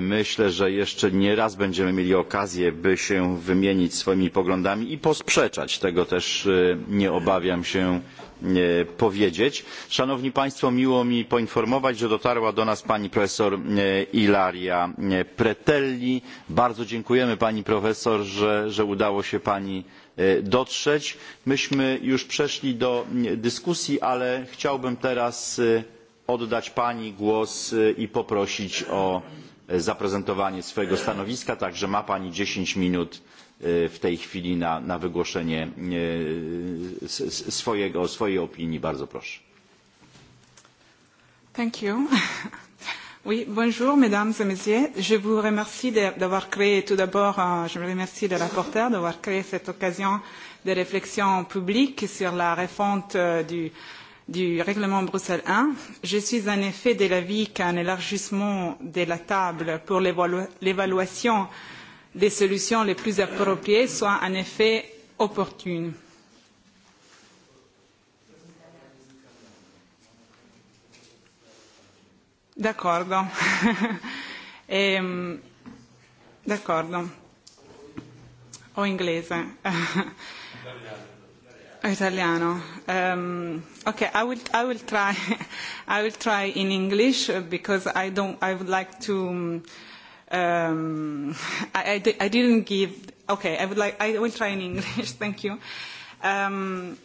Myślę, że jeszcze nie raz będziemy mieli okazję, by się wymienić swoimi poglądami i posprzeczać. Tego też nie obawiam się powiedzieć. Szanowni Państwo, miło mi poinformować, że dotarła do nas pani profesor Ilaria Pretelli. Bardzo dziękujemy pani profesor, że udało się pani dotrzeć. Myśmy już przeszli do dyskusji, ale chciałbym teraz oddać pani głos i poprosić o zaprezentowanie swojego stanowiska, także ma pani dziesięć minut w tej chwili na, wygłoszenie swojej opinii. Bardzo proszę. bonjour mesdames et messieurs. Je vous remercie d'avoir créé tout d'abord, je remercie rapporteur d'avoir créé cette occasion de réflexion publique sur la refonte du, du règlement Bruxelles Je suis en effet de l'avis qu'un élargissement de la table pour l'évaluation des solutions les plus appropriées soit en effet opportunes. D'accordo. d'accordo. O inglese. Italiano. Um, okay, I will, I will try. I will try in English because I don't. I would like to. Um, um, I, I, I didn't give. Okay, I would like. I will try in English. Thank you. Um,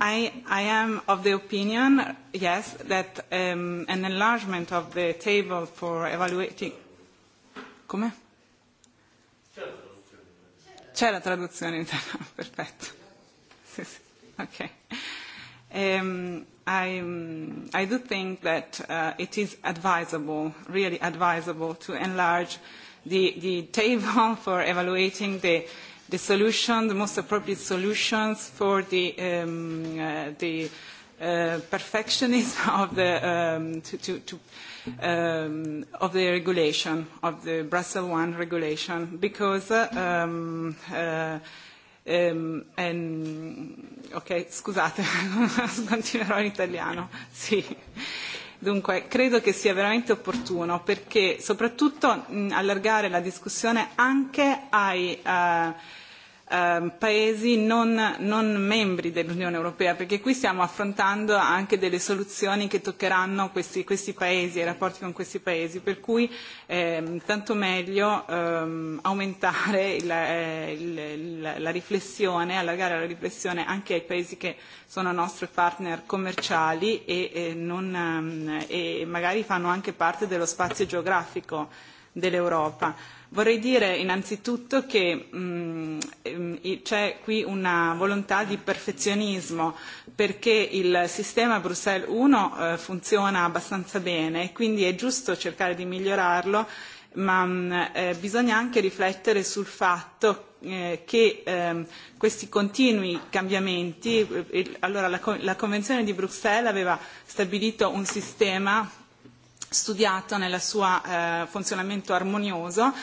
I, I am of the opinion, yes, that um, an enlargement of the table for evaluating. Come? C'è la traduzione in italiano, perfetto. Sì, sì. Um, I, I do think that uh, it is advisable, really advisable, to enlarge the, the table for evaluating the, the solution, the most appropriate solutions for the, um, uh, the uh, perfectionism of the, um, to, to, to, um, of the regulation, of the Brussels 1 regulation, because uh, um, uh, Ehm, ehm, ok, scusate, continuerò in italiano. Sì. Dunque, credo che sia veramente opportuno perché soprattutto mh, allargare la discussione anche ai... Eh, paesi non, non membri dell'Unione Europea, perché qui stiamo affrontando anche delle soluzioni che toccheranno questi, questi paesi e i rapporti con questi paesi, per cui ehm, tanto meglio ehm, aumentare il, eh, il, la, la riflessione, allargare la riflessione anche ai paesi che sono nostri partner commerciali e, non, ehm, e magari fanno anche parte dello spazio geografico dell'Europa Vorrei dire innanzitutto che c'è qui una volontà di perfezionismo perché il sistema Bruxelles 1 funziona abbastanza bene e quindi è giusto cercare di migliorarlo, ma bisogna anche riflettere sul fatto che questi continui cambiamenti, allora la Convenzione di Bruxelles aveva stabilito un sistema studiato nel suo funzionamento armonioso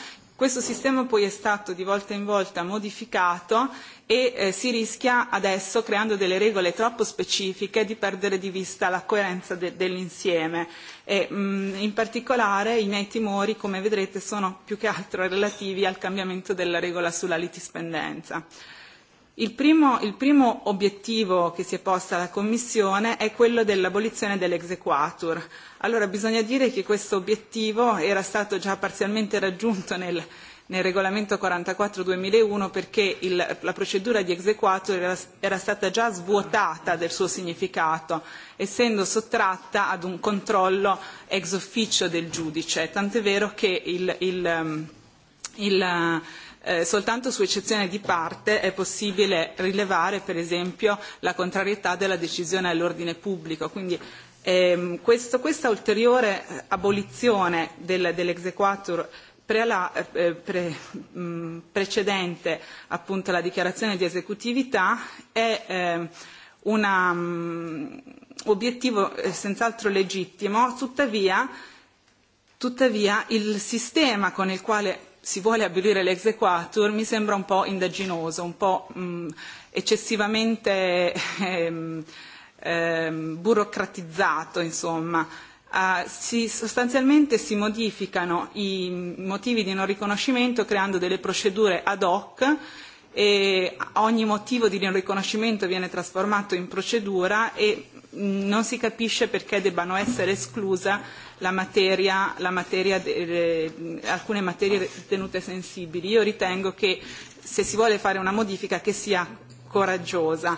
Questo sistema poi è stato di volta in volta modificato e eh, si rischia adesso, creando delle regole troppo specifiche, di perdere di vista la coerenza de- dell'insieme. E, mh, in particolare i miei timori, come vedrete, sono più che altro relativi al cambiamento della regola sulla litispendenza. Il primo, il primo obiettivo che si è posta la Commissione è quello dell'abolizione dell'exequatur. Allora bisogna dire che questo obiettivo era stato già parzialmente raggiunto nel, nel regolamento 44 2001 perché il, la procedura di exequatur era, era stata già svuotata del suo significato, essendo sottratta ad un controllo ex officio del giudice, tant'è vero che il, il, il soltanto su eccezione di parte è possibile rilevare per esempio la contrarietà della decisione all'ordine pubblico. Quindi questo, questa ulteriore abolizione del, dell'exequatur precedente appunto alla dichiarazione di esecutività è un obiettivo senz'altro legittimo, tuttavia, tuttavia il sistema con il quale si vuole abolire l'exequatur mi sembra un po' indaginoso, un po' mh, eccessivamente ehm, ehm, burocratizzato, insomma. Uh, si, sostanzialmente si modificano i motivi di non riconoscimento creando delle procedure ad hoc e ogni motivo di non riconoscimento viene trasformato in procedura e non si capisce perché debbano essere esclusa la materia, la materia de, alcune materie ritenute sensibili. Io ritengo che se si vuole fare una modifica che sia coraggiosa.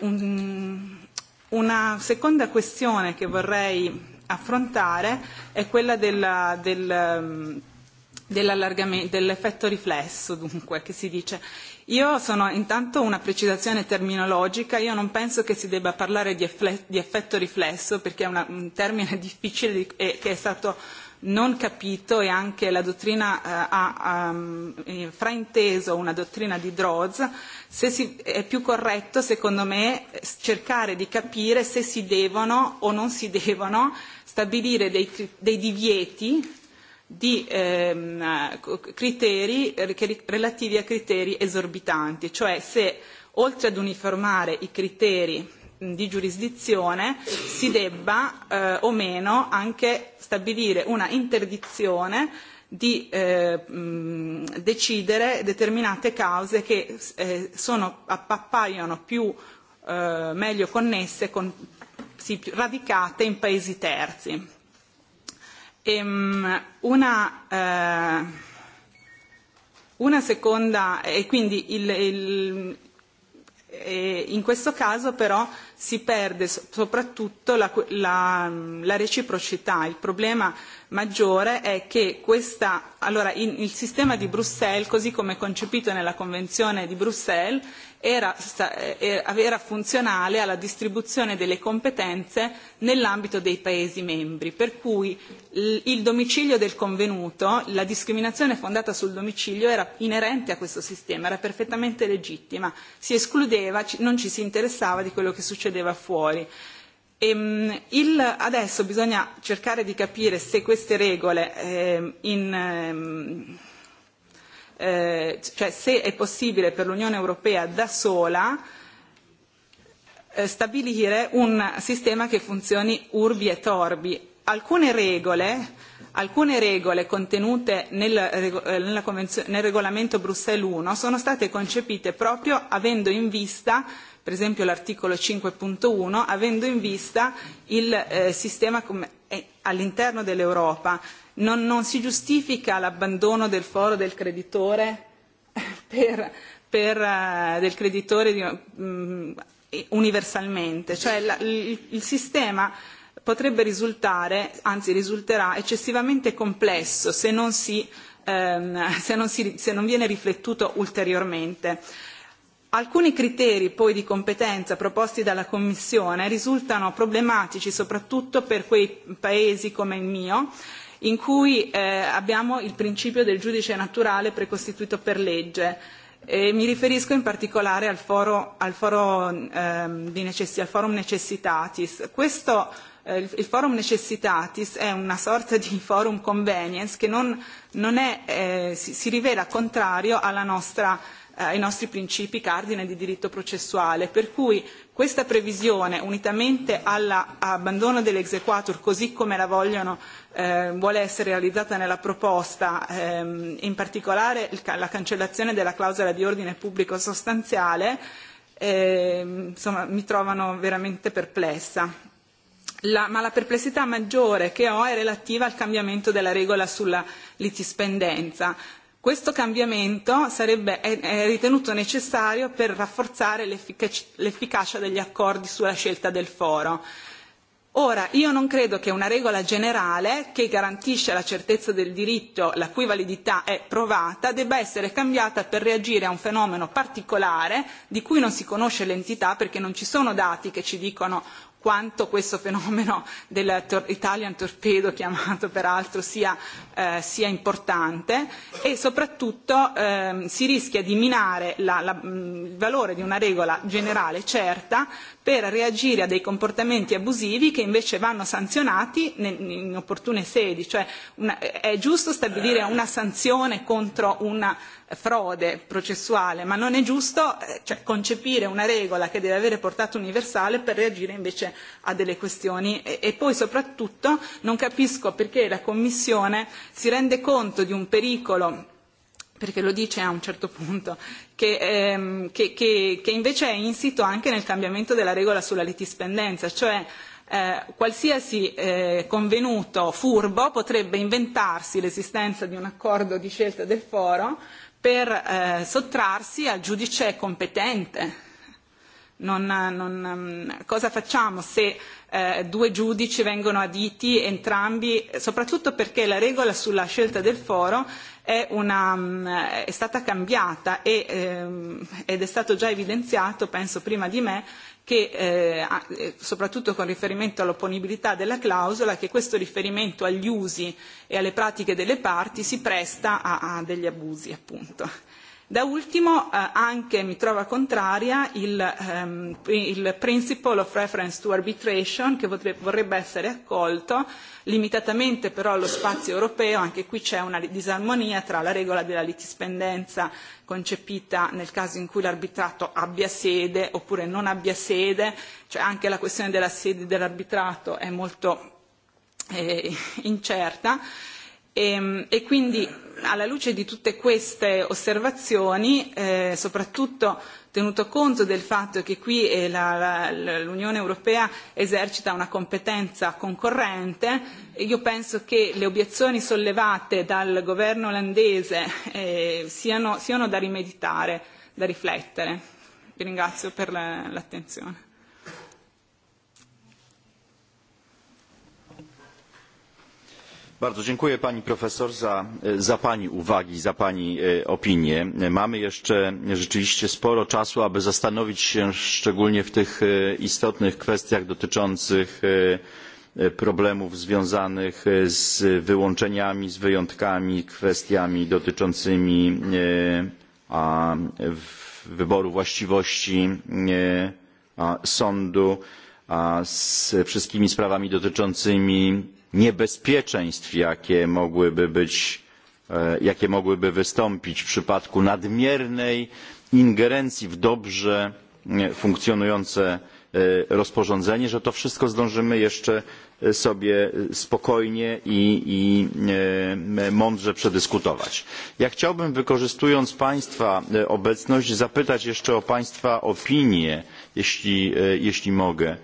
Un, una seconda questione che vorrei affrontare è quella della, del, dell'effetto riflesso, dunque, che si dice. Io sono intanto una precisazione terminologica, io non penso che si debba parlare di, effetto riflesso perché è un termine difficile e che è stato non capito e anche la dottrina ha frainteso una dottrina di Droz, se si, è più corretto secondo me cercare di capire se si devono o non si devono stabilire dei, dei divieti di criteri relativi a criteri esorbitanti, cioè se oltre ad uniformare i criteri di giurisdizione si debba o meno anche stabilire una interdizione di decidere determinate cause che appaiono più meglio connesse, radicate in paesi terzi una, una seconda, e quindi il, il, in questo caso però si perde soprattutto la, la, la reciprocità. Il problema maggiore è che questa, allora, in, il sistema di Bruxelles, così come concepito nella Convenzione di Bruxelles, era, era funzionale alla distribuzione delle competenze nell'ambito dei Paesi membri, per cui il domicilio del convenuto, la discriminazione fondata sul domicilio era inerente a questo sistema, era perfettamente legittima, si escludeva, non ci si interessava di quello che succedeva succedeva fuori. il, adesso bisogna cercare di capire se queste regole in, ehm, eh, cioè se è possibile per l'Unione Europea da sola eh, stabilire un sistema che funzioni urbi e torbi. Alcune regole, alcune regole contenute nel, nella nel regolamento Bruxelles 1 sono state concepite proprio avendo in vista per esempio l'articolo 5.1, avendo in vista il sistema all'interno dell'Europa. Non, non si giustifica l'abbandono del foro del creditore per, per, del creditore di, universalmente, cioè la, il, il sistema potrebbe risultare, anzi risulterà eccessivamente complesso se non, si, ehm, se non, si, se non viene riflettuto ulteriormente. Alcuni criteri poi di competenza proposti dalla Commissione risultano problematici soprattutto per quei paesi come il mio in cui abbiamo il principio del giudice naturale precostituito per legge. E mi riferisco in particolare al, foro, al, foro, di necessi, al forum necessitatis. Questo il forum necessitatis è una sorta di forum convenience che non, non è, eh, si, si rivela contrario alla nostra ai nostri principi cardine di diritto processuale, per cui questa previsione, unitamente all'abbandono dell'exequatur così come la vogliono, vuole essere realizzata nella proposta, in particolare la cancellazione della clausola di ordine pubblico sostanziale, insomma, mi trovano veramente perplessa. La, ma la perplessità maggiore che ho è relativa al cambiamento della regola sulla litispendenza. Questo cambiamento sarebbe, è, è ritenuto necessario per rafforzare l'efficacia degli accordi sulla scelta del foro. Ora, io non credo che una regola generale che garantisce la certezza del diritto, la cui validità è provata, debba essere cambiata per reagire a un fenomeno particolare di cui non si conosce l'entità perché non ci sono dati che ci dicono quanto questo fenomeno dell'Italian torpedo, chiamato peraltro, sia sia importante e soprattutto si rischia di minare il valore di una regola generale certa per reagire a dei comportamenti abusivi che invece vanno sanzionati in opportune sedi, cioè è giusto stabilire una sanzione contro una frode processuale, ma non è giusto concepire una regola che deve avere portata universale per reagire invece a delle questioni e poi soprattutto non capisco perché la Commissione si rende conto di un pericolo perché lo dice a un certo punto, che, ehm, che, che, che invece è insito anche nel cambiamento della regola sulla litispendenza, cioè eh, qualsiasi eh, convenuto furbo potrebbe inventarsi l'esistenza di un accordo di scelta del foro per eh, sottrarsi al giudice competente Non, non, cosa facciamo se eh, due giudici vengono aditi entrambi, soprattutto perché la regola sulla scelta del foro è, una, è stata cambiata e, eh, ed è stato già evidenziato, penso prima di me, che eh, soprattutto con riferimento all'opponibilità della clausola, che questo riferimento agli usi e alle pratiche delle parti si presta a, a degli abusi appunto Da ultimo anche mi trova contraria il, principle of reference to arbitration che vorrebbe essere accolto limitatamente però allo spazio europeo, anche qui c'è una disarmonia tra la regola della litispendenza concepita nel caso in cui l'arbitrato abbia sede oppure non abbia sede, cioè anche la questione della sede dell'arbitrato è molto incerta e quindi alla luce di tutte queste osservazioni, eh, soprattutto tenuto conto del fatto che qui eh, la, la, l'Unione Europea esercita una competenza concorrente, io penso che le obiezioni sollevate dal governo olandese eh, siano, siano da rimeditare, da riflettere. Vi ringrazio per l'attenzione. Bardzo dziękuję pani profesor za, pani uwagi, za pani opinię. Mamy jeszcze rzeczywiście sporo czasu, aby zastanowić się szczególnie w tych istotnych kwestiach dotyczących problemów związanych z wyłączeniami, z wyjątkami, kwestiami dotyczącymi wyboru właściwości sądu, ze wszystkimi sprawami dotyczącymi niebezpieczeństw, jakie mogłyby być jakie mogłyby wystąpić w przypadku nadmiernej ingerencji w dobrze funkcjonujące rozporządzenie że to wszystko zdążymy jeszcze sobie spokojnie i mądrze przedyskutować. ja chciałbym wykorzystując państwa obecność zapytać jeszcze o państwa opinie jeśli mogę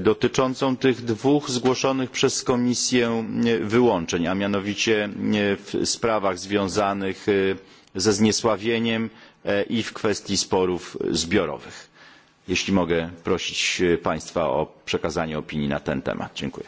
dotyczącą tych dwóch zgłoszonych przez komisję wyłączeń a mianowicie w sprawach związanych ze zniesławieniem i w kwestii sporów zbiorowych. jeśli mogę prosić państwa o przekazanie opinii na ten temat. dziękuję.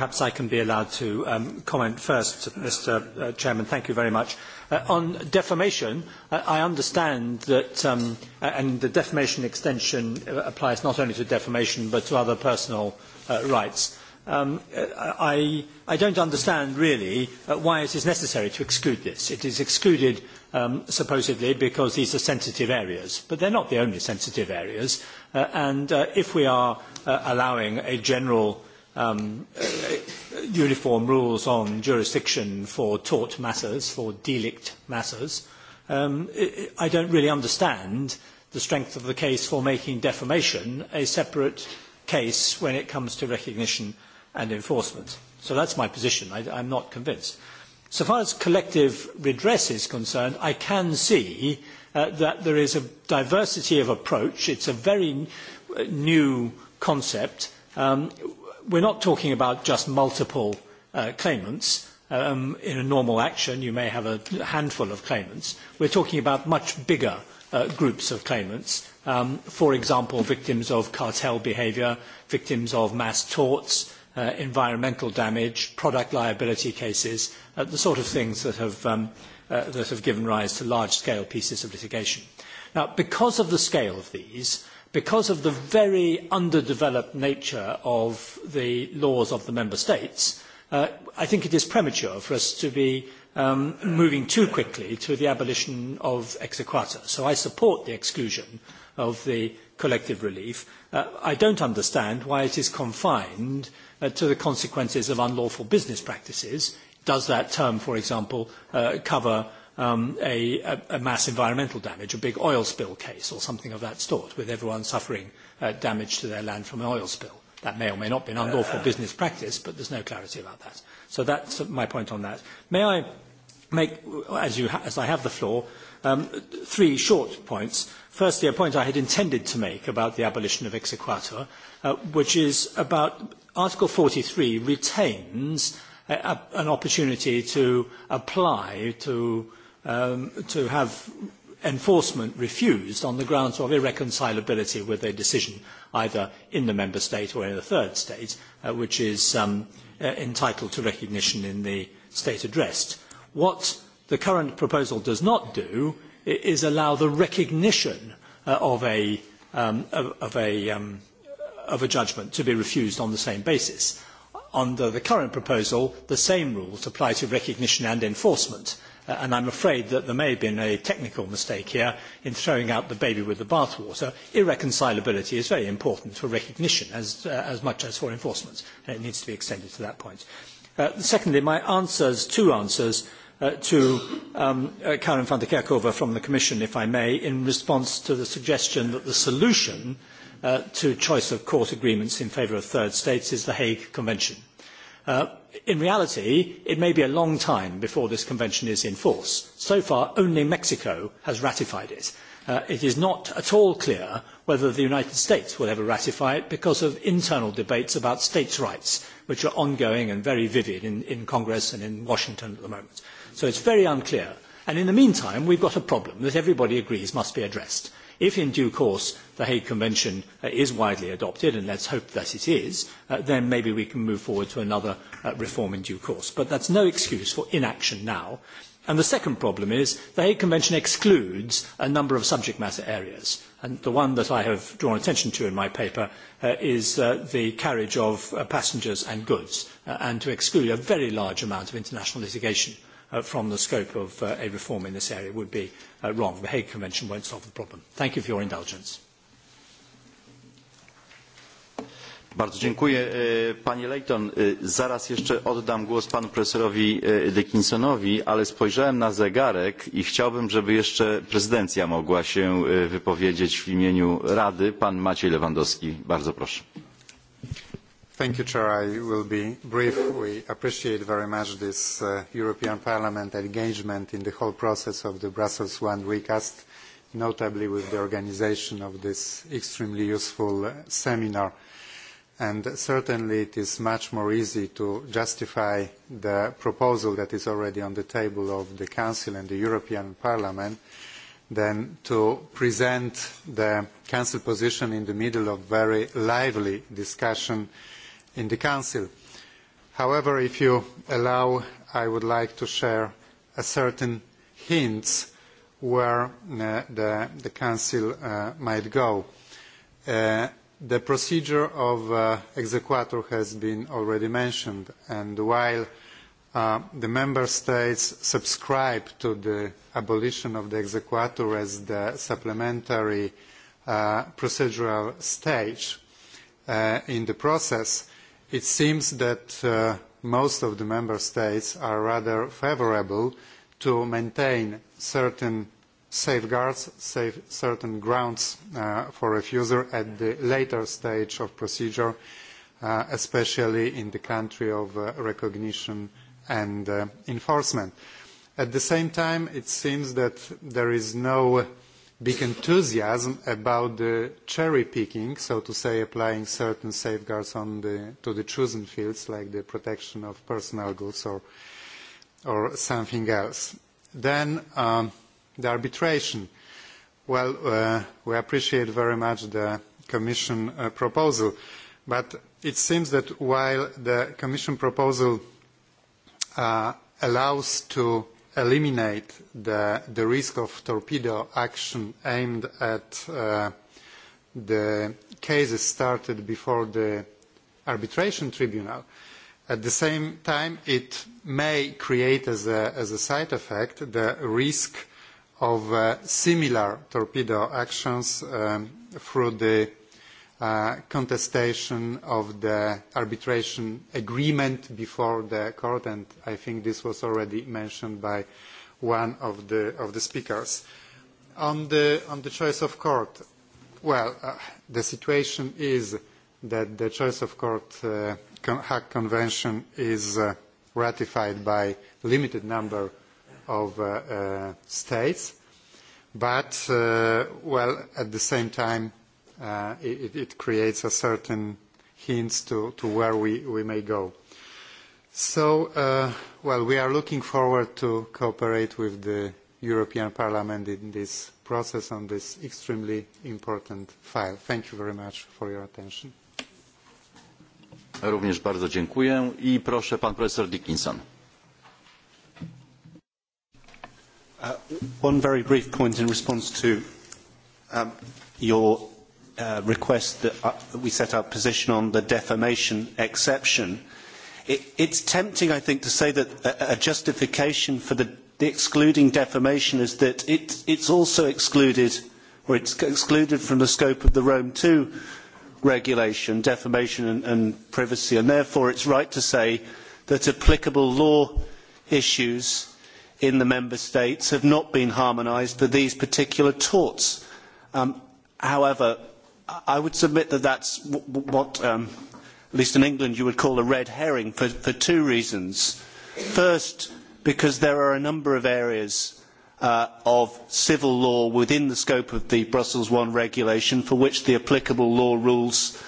perhaps I can be allowed to um, comment first, Mr. Uh, Chairman. Thank you very much. Uh, on defamation, uh, I understand that, um, and the defamation extension applies not only to defamation but to other personal uh, rights. Um, I, I don't understand really why it is necessary to exclude this. It is excluded um, supposedly because these are sensitive areas. But they're not the only sensitive areas. and if we are allowing a general um, uniform rules on jurisdiction for tort matters, for delict matters, um, I don't really understand the strength of the case for making defamation a separate case when it comes to recognition and enforcement. So that's my position. I, I'm not convinced. So far as collective redress is concerned, I can see that there is a diversity of approach. It's a very new concept we're not talking about just multiple uh, claimants. Um, in a normal action, you may have a handful of claimants. We're talking about much bigger uh, groups of claimants. Um, for example, victims of cartel behavior, victims of mass torts, uh, environmental damage, product liability cases, uh, the sort of things that have, um, uh, that have given rise to large-scale pieces of litigation. Now, because of the scale of these, because of the very underdeveloped nature of the laws of the member states, I think it is premature for us to be moving too quickly to the abolition of exequata. So I support the exclusion of the collective relief. I don't understand why it is confined to the consequences of unlawful business practices. Does that term, for example, cover um, a, a, a mass environmental damage, a big oil spill case or something of that sort, with everyone suffering uh, damage to their land from an oil spill. That may or may not be an unlawful business practice, but there's no clarity about that. So that's my point on that. May I make, as, you ha- as I have the floor, um, three short points. Firstly, a point I had intended to make about the abolition of exequatur, uh, which is about Article 43 retains a, a, an opportunity to apply to to have enforcement refused on the grounds of irreconcilability with a decision either in the member state or in a third state, which is entitled to recognition in the state addressed. What the current proposal does not do is allow the recognition of a, judgment to be refused on the same basis. Under the current proposal, the same rules apply to recognition and enforcement and I'm afraid that there may have been a technical mistake here in throwing out the baby with the bathwater. Irreconcilability is very important for recognition as, much as for enforcement, and it needs to be extended to that point. secondly, my answers, two answers, to Karen van der Kerkhove from the Commission, if I may, in response to the suggestion that the solution to choice of court agreements in favour of third states is the Hague Convention in reality, it may be a long time before this convention is in force. So far, only Mexico has ratified it. it is not at all clear whether the United States will ever ratify it because of internal debates about states' rights, which are ongoing and very vivid in, Congress and in Washington at the moment. So it is very unclear. And in the meantime, we have got a problem that everybody agrees must be addressed If in due course the Hague Convention is widely adopted, and let's hope that it is, then maybe we can move forward to another reform in due course. But that's no excuse for inaction now. And the second problem is the Hague Convention excludes a number of subject matter areas. And the one that I have drawn attention to in my paper is the carriage of passengers and goods, and to exclude a very large amount of international litigation uh, from the scope of uh, a reform in this area would be uh, wrong. The Hague Convention won't solve the problem. Thank you for your indulgence. Bardzo dziękuję. Panie Leighton, zaraz jeszcze oddam głos panu profesorowi Dickinsonowi, ale spojrzałem na zegarek i chciałbym, żeby jeszcze prezydencja mogła się wypowiedzieć w imieniu Rady. Pan Maciej Lewandowski, bardzo proszę. Thank you, Chair. I will be brief. We appreciate very much this European Parliament engagement in the whole process of the Brussels I recast, notably with the organisation of this extremely useful seminar. And certainly it is much more easy to justify the proposal that is already on the table of the Council and the European Parliament than to present the Council position in the middle of very lively discussion uh, in the Council. However, if you allow, I would like to share a certain hints where the, Council might go. the procedure of exequatur has been already mentioned, and while the member states subscribe to the abolition of the exequatur as the supplementary procedural stage in the process, it seems that most of the member states are rather favourable to maintain certain safeguards, certain grounds for refusal at the later stage of procedure, especially in the country of recognition and enforcement. At the same time, it seems that there is no big enthusiasm about the cherry picking, so to say, applying certain safeguards on the, to the chosen fields, like the protection of personal goods or, or something else. Then um, the arbitration. Well, uh, we appreciate very much the Commission uh, proposal, but it seems that while the Commission proposal uh, allows to eliminate the, the risk of torpedo action aimed at the cases started before the arbitration tribunal. At the same time, it may create as a, side effect the risk of similar torpedo actions through the contestation of the arbitration agreement before the court, and I think this was already mentioned by one of the speakers. On the choice of court, well, the situation is that the choice of court Hague Convention is ratified by a limited number of states, but, well, at the same time, it, it creates a certain hints to, to where we, we may go. So, well, we are looking forward to cooperate with the European Parliament in this process on this extremely important file. Thank you very much for your attention. Również bardzo dziękuję i proszę pan profesor Dickinson. one very brief point in response to your request that we set our position on the defamation exception. It, it's tempting, I think, to say that a, justification for the, excluding defamation is that it, it's also excluded, or it's excluded from the scope of the Rome II regulation, defamation and, and privacy, and therefore it's right to say that applicable law issues in the member states have not been harmonised for these particular torts. however, I would submit that that's what, at least in England, you would call a red herring for, for two reasons. First, because there are a number of areas of civil law within the scope of the Brussels I regulation for which the applicable law rules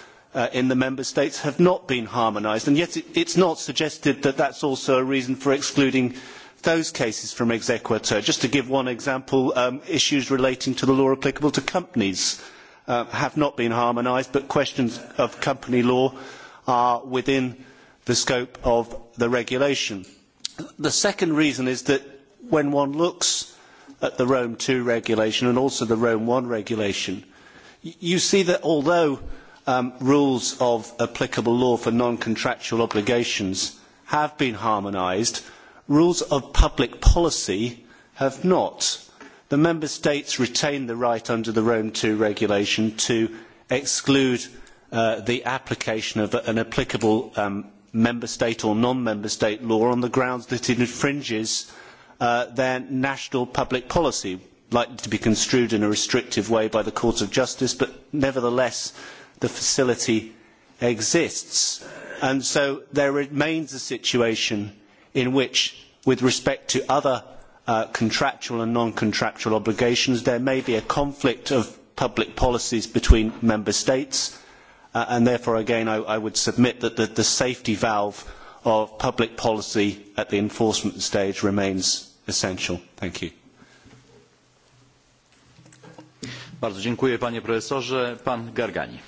in the member states have not been harmonised. And yet it, is not suggested that that is also a reason for excluding those cases from exequatur. Just to give one example, issues relating to the law applicable to companies have not been harmonised, but questions of company law are within the scope of the regulation. The second reason is that when one looks at the Rome II regulation and also the Rome I regulation, you see that although rules of applicable law for non-contractual obligations have been harmonised, rules of public policy have not the member states retain the right under the Rome II regulation to exclude the application of an applicable member state or non-member state law on the grounds that it infringes their national public policy, likely to be construed in a restrictive way by the Court of Justice, but nevertheless the facility exists. And so there remains a situation in which, with respect to other contractual and non-contractual obligations. There may be a conflict of public policies between member states, and therefore, again, I, would submit that the, safety valve of public policy at the enforcement stage remains essential. Thank you. Bardzo dziękuję panie profesorze. Pan Gargani.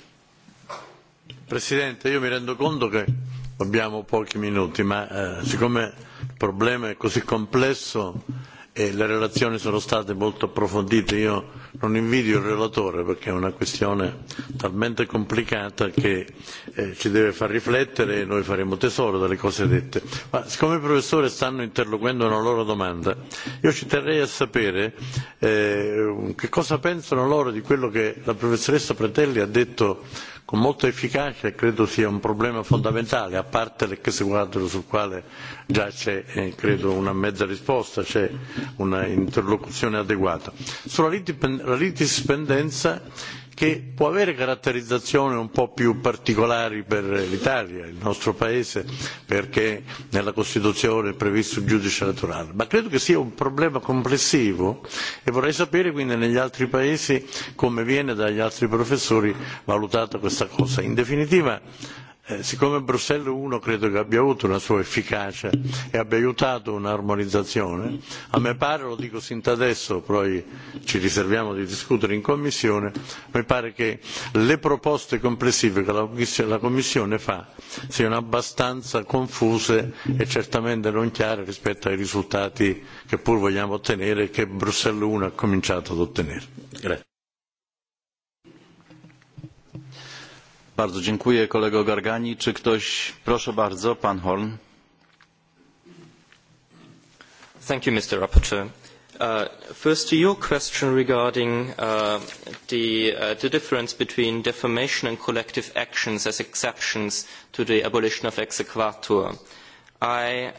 Presidente, io mi rendo conto che abbiamo pochi minuti, ma siccome il problema è così complesso e le relazioni sono state molto approfondite, io non invidio il relatore perché è una questione talmente complicata che ci deve far riflettere e noi faremo tesoro delle cose dette. Ma siccome i professori stanno interloquendo una loro domanda, io ci terrei a sapere che cosa pensano loro di quello che la professoressa Pretelli ha detto con molta efficacia e credo sia un problema fondamentale, a parte l'ex quadro sul quale già c'è, credo, una mezza risposta, c'è una interlocuzione adeguata. Sulla la litispendenza che può avere caratterizzazioni un po' più particolari per l'Italia, il nostro Paese, perché nella Costituzione è previsto il giudice naturale, ma credo che sia un problema complessivo e vorrei sapere quindi negli altri Paesi come viene dagli altri professori valutata questa cosa. In definitiva siccome Bruxelles 1 credo che abbia avuto una sua efficacia e abbia aiutato un'armonizzazione, a me pare, lo dico sin da adesso, poi ci riserviamo di discutere in Commissione, mi pare che le proposte complessive che la Commissione fa siano abbastanza confuse e certamente non chiare rispetto ai risultati che pur vogliamo ottenere e che Bruxelles 1 ha cominciato ad ottenere. Bardzo dziękuję kolego Gargani. Czy ktoś... Proszę bardzo, pan Horn. Thank you, Mr. Rapporteur. First, to your question regarding the difference between defamation and collective actions as exceptions to the abolition of exequatur. I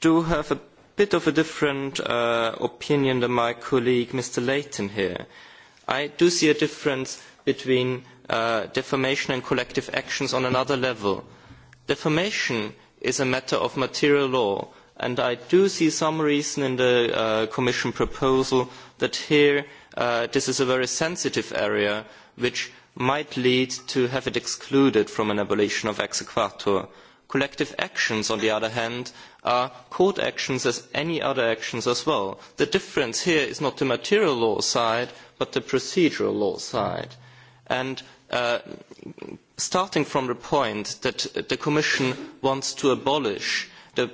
do have a bit of a different opinion than my colleague, Mr. Leighton, here. I do see a difference between defamation and collective actions on another level. Defamation is a matter of material law, and I do see some reason in the Commission proposal that here this is a very sensitive area which might lead to have it excluded from an abolition of exequatur. Collective actions, on the other hand, are court actions as any other actions as well. The difference here is not the material law side, but the procedural law side And starting from the point that the Commission wants to abolish the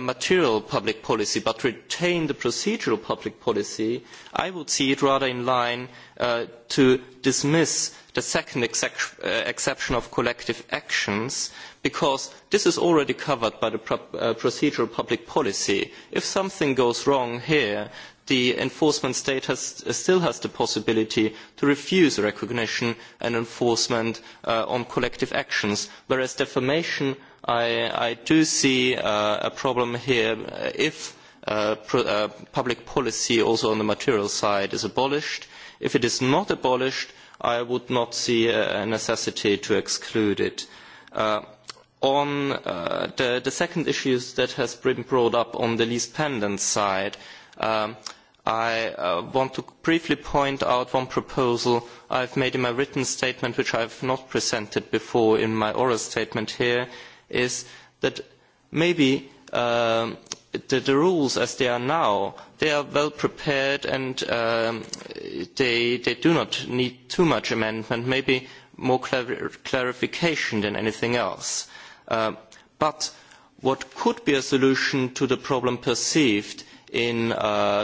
material public policy but retain the procedural public policy, I would see it rather in line to dismiss the second exception of collective actions because this is already covered by the procedural public policy. If something goes wrong here, the enforcement state still has the possibility to refuse recognition and enforcement on collective actions whereas defamation i do see a problem here if public policy also on the material side is abolished. if it is not abolished i would not see a necessity to exclude it. on the second issue that has been brought up on the least pendant side I want to briefly point out one proposal I have made in my written statement, which I have not presented before in my oral statement here, is that maybe the, rules as they are now, are well prepared and they, do not need too much amendment, maybe more clarification than anything else. but what could be a solution to the problem perceived in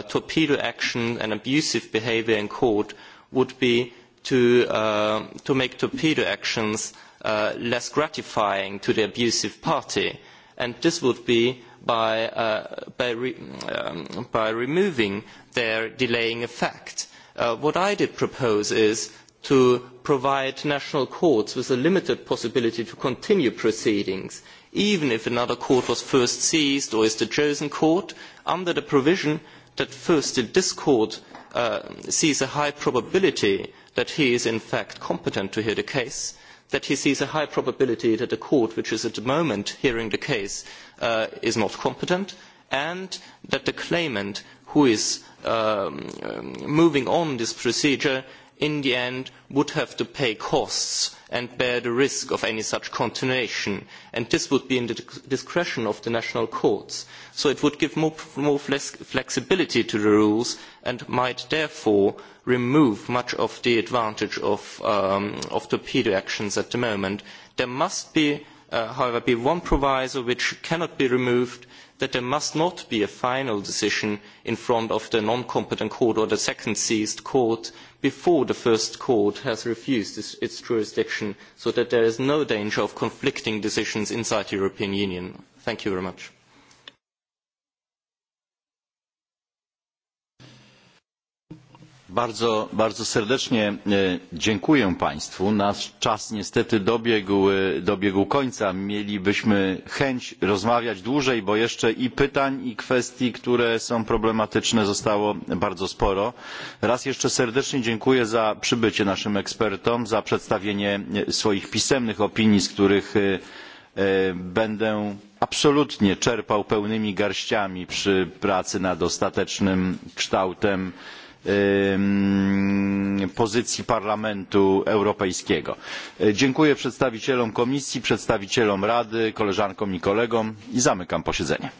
torpedo action and abusive behaviour in court would be to make torpedo actions less gratifying to the abusive party. And this would be by, removing their delaying effect. what I did propose is to provide national courts with a limited possibility to continue proceedings even if another court was first seized or is the chosen court, under the provision that first this court sees a high probability that he is in fact competent to hear the case, that he sees a high probability that the court which is at the moment hearing the case is not competent, and that the claimant who is moving on this procedure in the end would have to pay costs and bear the risk of any such continuation and this would be in the discretion of the national courts so it would give more, flexibility to the rules and might therefore remove much of the advantage of torpedo actions at the moment there must be however be one proviso which cannot be removed that there must not be a final decision in front of the non competent court or the second seized court before the first court has refused its jurisdiction so that there is no danger of conflicting decisions inside the european union. thank you very much. Bardzo, serdecznie dziękuję Państwu. Nasz czas niestety dobiegł, końca. Mielibyśmy chęć rozmawiać dłużej, bo jeszcze i pytań, i kwestii, które są problematyczne, zostało bardzo sporo. Raz jeszcze serdecznie dziękuję za przybycie naszym ekspertom, za przedstawienie swoich pisemnych opinii, z których będę absolutnie czerpał pełnymi garściami przy pracy nad ostatecznym kształtem pozycji Parlamentu Europejskiego. Dziękuję przedstawicielom Komisji, przedstawicielom Rady, koleżankom i kolegom i zamykam posiedzenie.